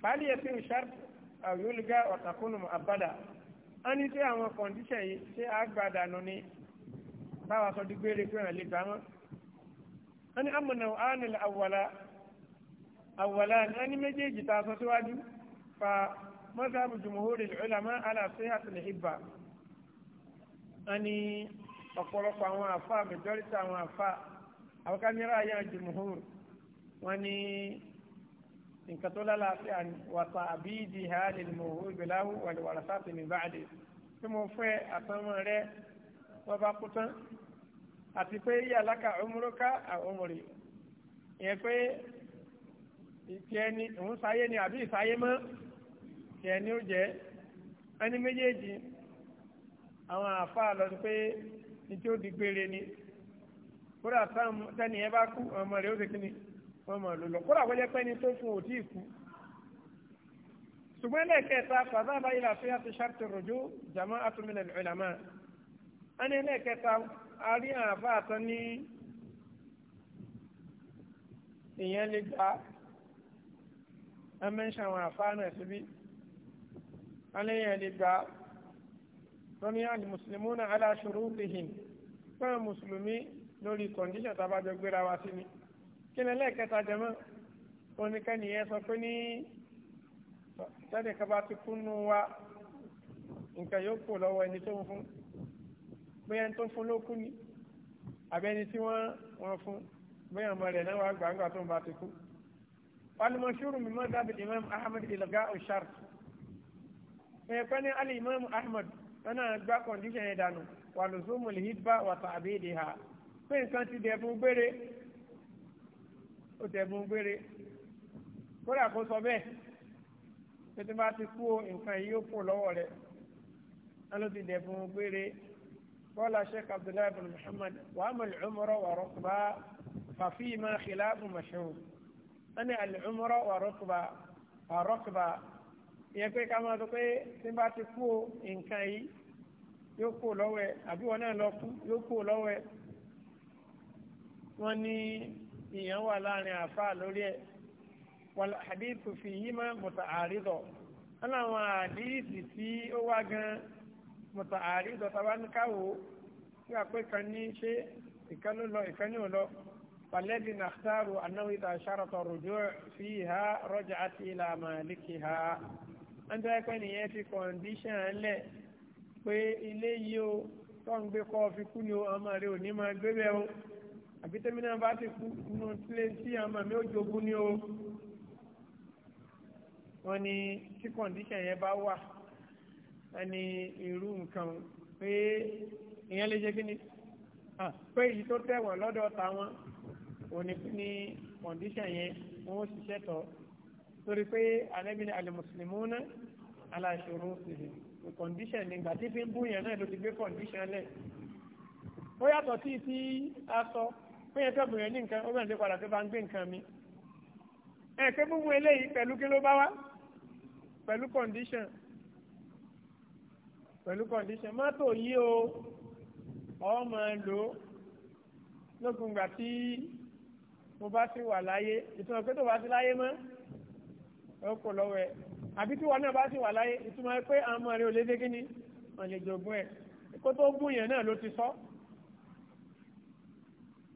fàálì ẹ̀ pé òṣàr àwòyólùgá ọ̀tàkùnù àbádà á ní sí àwọn kọ̀ǹdíṣẹ̀ yìí ṣé àgbàdànù ni báwa sọ di gbére pé hàn lè gbà mọ́. wọ́n ní amọ̀nà ánìlẹ̀ àwọ̀lá àwọ̀lá ni wọ́n ní méjèèjì tá a sọ síwájú fa mọ́sáàbù jùmọ̀hórì ìlúlàmọ́ aláṣẹ́ àtìlẹ̀ ìbà. wọ́n ní ọ̀pọ̀lọpọ̀ àwọn àfa majority àwọn àfa àwọn kámẹ́rà ayé jùmọ̀hórì wọ́n ní nǹkan tó lálàáfíà wàtà àbídìí hàlẹ̀ mọ̀hórì gbẹ̀láwù wàlúwàlá sáà wọ́n bá kú tán àti pé yàlákà ọmọrúkà àwọmọrì ìyẹn pé ìtì ẹni òun sáyé ni àbí ìsáyé mọ́ ìtì ẹni ó jẹ́ ẹni méjèèjì àwọn àáfàá lọ sí pé ní tí ó di gbére ni kódà tẹ́ni ẹ bá kú ọmọ rẹ̀ ó ti kíni ọmọ rẹ̀ lọ kódà wọ́n jẹ́ pẹ́ni tó fún òtí ìkú ṣùgbọ́n lẹ́ẹ̀kẹta fàdá báyìí làfíà ti ṣàtúrò jù jàmọ́ ìlànà wọ́n ní ẹlẹ́ẹ̀kẹta a rí àǹfà àtọ́ ní ìyẹn lè gba ẹmẹ́ńṣà àwọn àǹfà náà síbí wọ́n ní ìyẹn lè gba lọ́ní àlùmùsùlùmí náà aláṣọrò lèhìn fún mùsùlùmí lórí kọ̀ǹdíṣọ̀ tábàjọ gbéra wa sí ni kí ni ẹlẹ́ẹ̀kẹta jẹ́mọ́ oníkẹ́ni yẹn sọ pé ní sẹ́nìkan bá ti kúnnú wa nǹkan yóò kó lọ́wọ́ ẹni tó ń fún bóyá tó fún ló kú ni àbẹ́ni tí wọ́n wọ́n fún bóyá ọmọ rẹ̀ náà wà gbàgbà tó ń bá ti kú. والمشهور من مذهب الإمام أحمد إلغاء الشرط فيكون الإمام أحمد أنا أتبع كونديشن يدانو ولزوم الهدبة وتعبيدها فإن كانت ديبون بيري وديبون بيري kódà kó sọ bẹ́ẹ̀ tètè bá ti kú nǹkan yìí yóò pò lọ́wọ́ rẹ̀ ẹ ló ti dẹ̀bùn gbére قال شيخ عبد الله بن محمد وأما العمرة وركبة ففيما خلاف مشهور أنا العمرة وركبة الركبة يكوي كما تقول سنبات كو إن كاي يوكو لوي أبي وانا لوكو يوكو لوي واني إيان ولاني أفا لولي والحديث فيهما متعارض أنا ما حديث في أواغن mọ̀tà àárí ìdọ̀tà wa ní káwò tí a pé kan ní ṣe ìkan ló lọ ìkan ní ò lọ pàlẹ́bí nàxtàrù anáwó ìta ṣàròtọ̀ rojọ́ fi ha rọ́jà àti ilà màlìkì ha ń tẹ́ pé nìyẹn fi kọ̀ǹdíṣàn lẹ̀ pé ilé yìí o tó ń gbé kọ́ fi kú ni o ọmọ rẹ ò ní máa gbé bẹ́ẹ̀ o àbí tẹ́mínà bá ti kú nínú tílé tí ọmọ mi ò jogún ni o wọ́n ní tí kọ̀ǹdíṣàn yẹn bá wà ẹni irú nǹkan pé ìyẹn lè jẹ́ kí ni ah, pé èyí tó tẹ̀wọ̀n lọ́dọ̀ táwọn òní ní kọ̀ǹdíṣàn yẹn wọ́n ṣiṣẹ́ tọ̀ torí pé alẹ́bí ni alẹ́mùsùlùmúnà aláṣọrò ṣèlè kọ̀ǹdíṣàn nígbà tí fi ń bú yẹn náà ló ti gbé kọ̀ǹdíṣàn lẹ̀ ó yàtọ̀ sí ti aṣọ pé yẹn fẹ́ bùyẹn ní nǹkan ó bẹ̀rẹ̀ padà tó bá ń gbé nǹkan mi ẹ̀ pé búbu eléyìí pẹ̀lú kí ló bá wá pẹ̀lú kọ̀ǹdíṣàn pẹ̀lú kọ̀ǹdíṣẹ̀ mọ́tò yìí o ọmọ lò ó lókun gbà tí mo bá sì wà láyé ìtumọ̀ pé tó bá sí láyé mọ́ ó kò lọ́wọ́ ẹ̀ àbí tí wọn náà bá sì wà láyé ìtumọ̀ pé àwọn ọmọ rẹ̀ ò lè dé kí ni wọn lè jogún ẹ̀ kó tó gún yẹn náà ló ti sọ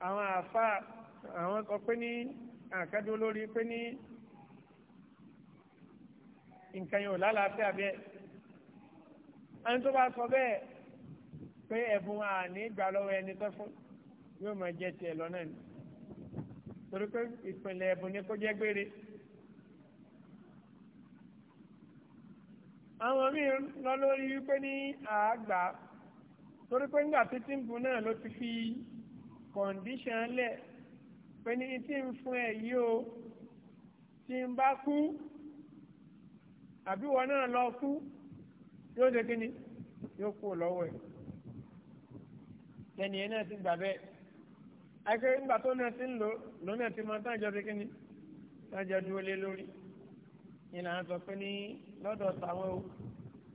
àwọn àfa àwọn sọ pé ní àkádó lórí pé ní nǹkan yẹn ò lálàáfíà bẹ́ẹ̀ ẹni tó bá sọ bẹ́ẹ̀ pé ẹ̀bùn àní gbà lọ́wọ́ ẹni tó fún yóò máa jẹ tiẹ̀ lọ́nà ni torí pé ìpìlẹ̀ ẹ̀bùn ni kó jẹ́ gbére. àwọn míì lọ lórí wípé ní àágbà torí pé nígbà tí tí ń bu náà ló ti fi kọ̀ǹdíṣàn lẹ̀ pé ní tí ń fún ẹ yìí o tí ń bá kú àbí wọn náà lọ kú yóò ṣe kíni yóò kú lọ́wọ́ ẹ̀ lẹ́ni yẹn náà ti gbà bẹ́ẹ̀ akẹ́kẹ́ ńgbà tó náà ti ń lò lónà tí mo tán jọ ṣe kíni tán jọ dúró lé lórí yìí là ń sọ pé ní lọ́dọ̀ táwọn o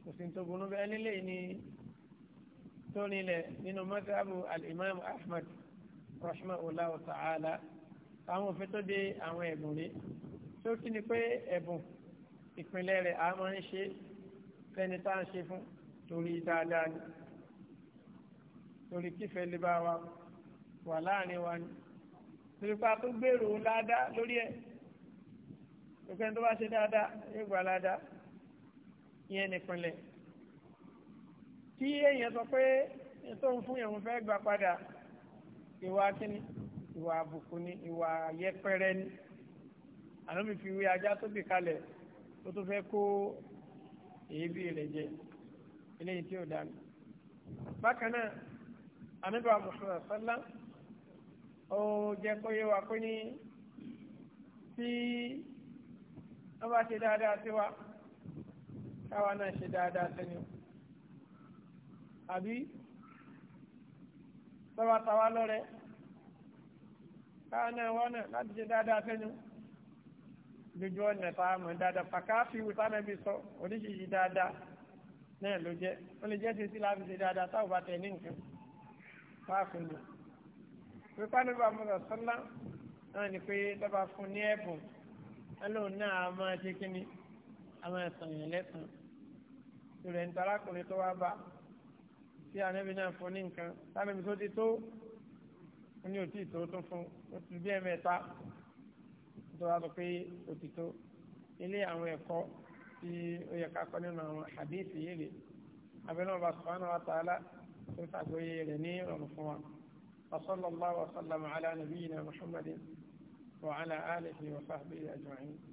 kò sì tó bunú bẹ́ẹ̀ nílé ní tónilẹ̀ nínú mọ́sáàbù al-imam ahmad rahmatulahu ta'ala àwọn òfin tó de àwọn ẹ̀bùn rí tó kí ni pé ẹ̀bùn ìpínlẹ̀ rẹ̀ a máa ń ṣe é fẹ́ni tá à ń ṣe fún torí dáadáa ni torí kífẹ́ lè wa wà láàrin wa ni torí pa tó gbèrò ládàá lórí ẹ̀ òkè tó bá ṣe dáadáa yóò gba ládàá ìyẹn nìpínlẹ̀ tí èèyàn sọ pé ètò ń fún yẹn fẹ́ gbà padà ìwà kíní ìwà àbùkù ni ìwà yẹpẹrẹ ni àná mi fi wé ajá tó bì kalẹ̀ tó tó fẹ́ kó èébì rẹ̀ jẹ eléyìí tí ó dá mi. bákan náà anábìá mùsùlùmí sọ́lá ó jẹ́ kó yé wa pé ní tí wọ́n bá ṣe dáadáa sí wa káwa náà ṣe dáadáa sẹ́ni o àbí tọ́ba ta wá lọ́rẹ́ káwa náà wọ́n náà láti ṣe dáadáa sẹ́ni o lójú ọ̀nà tá a mọ̀ dáadáa pàkáàfì wù tá nàbí sọ oríṣiríṣi dáadáa náà ló jẹ́ ó lè jẹ́ ti sí láti ṣe dáadáa táwọn bá tẹ̀ ní nǹkan fáàfin lò. pípa ní bá mọ̀tò sọ́lá náà ni pé tọ́ba fún ní ẹ̀bùn ẹlòmíràn náà a máa ṣe kínní a máa sàn yẹn lẹ́sàn-án. ìrẹ̀ ń tara kùnrin tó wá bá tí anábì náà fún ní nǹkan tánàbì tó ti tó ó ní òtí ìtò fún ó tó wá sọ pé òtítọ́ ilé àwọn ẹ̀kọ́ tí ó yẹ ká kọ́ nínú àwọn àdéhìsì yìí rè abẹ́nú ọba subhanahu wa ta'ala tó ṣàgbéyé rẹ̀ ní ìrọ̀rùn fún wa وصلى الله وسلم على نبينا محمد وعلى آله وصحبه أجمعين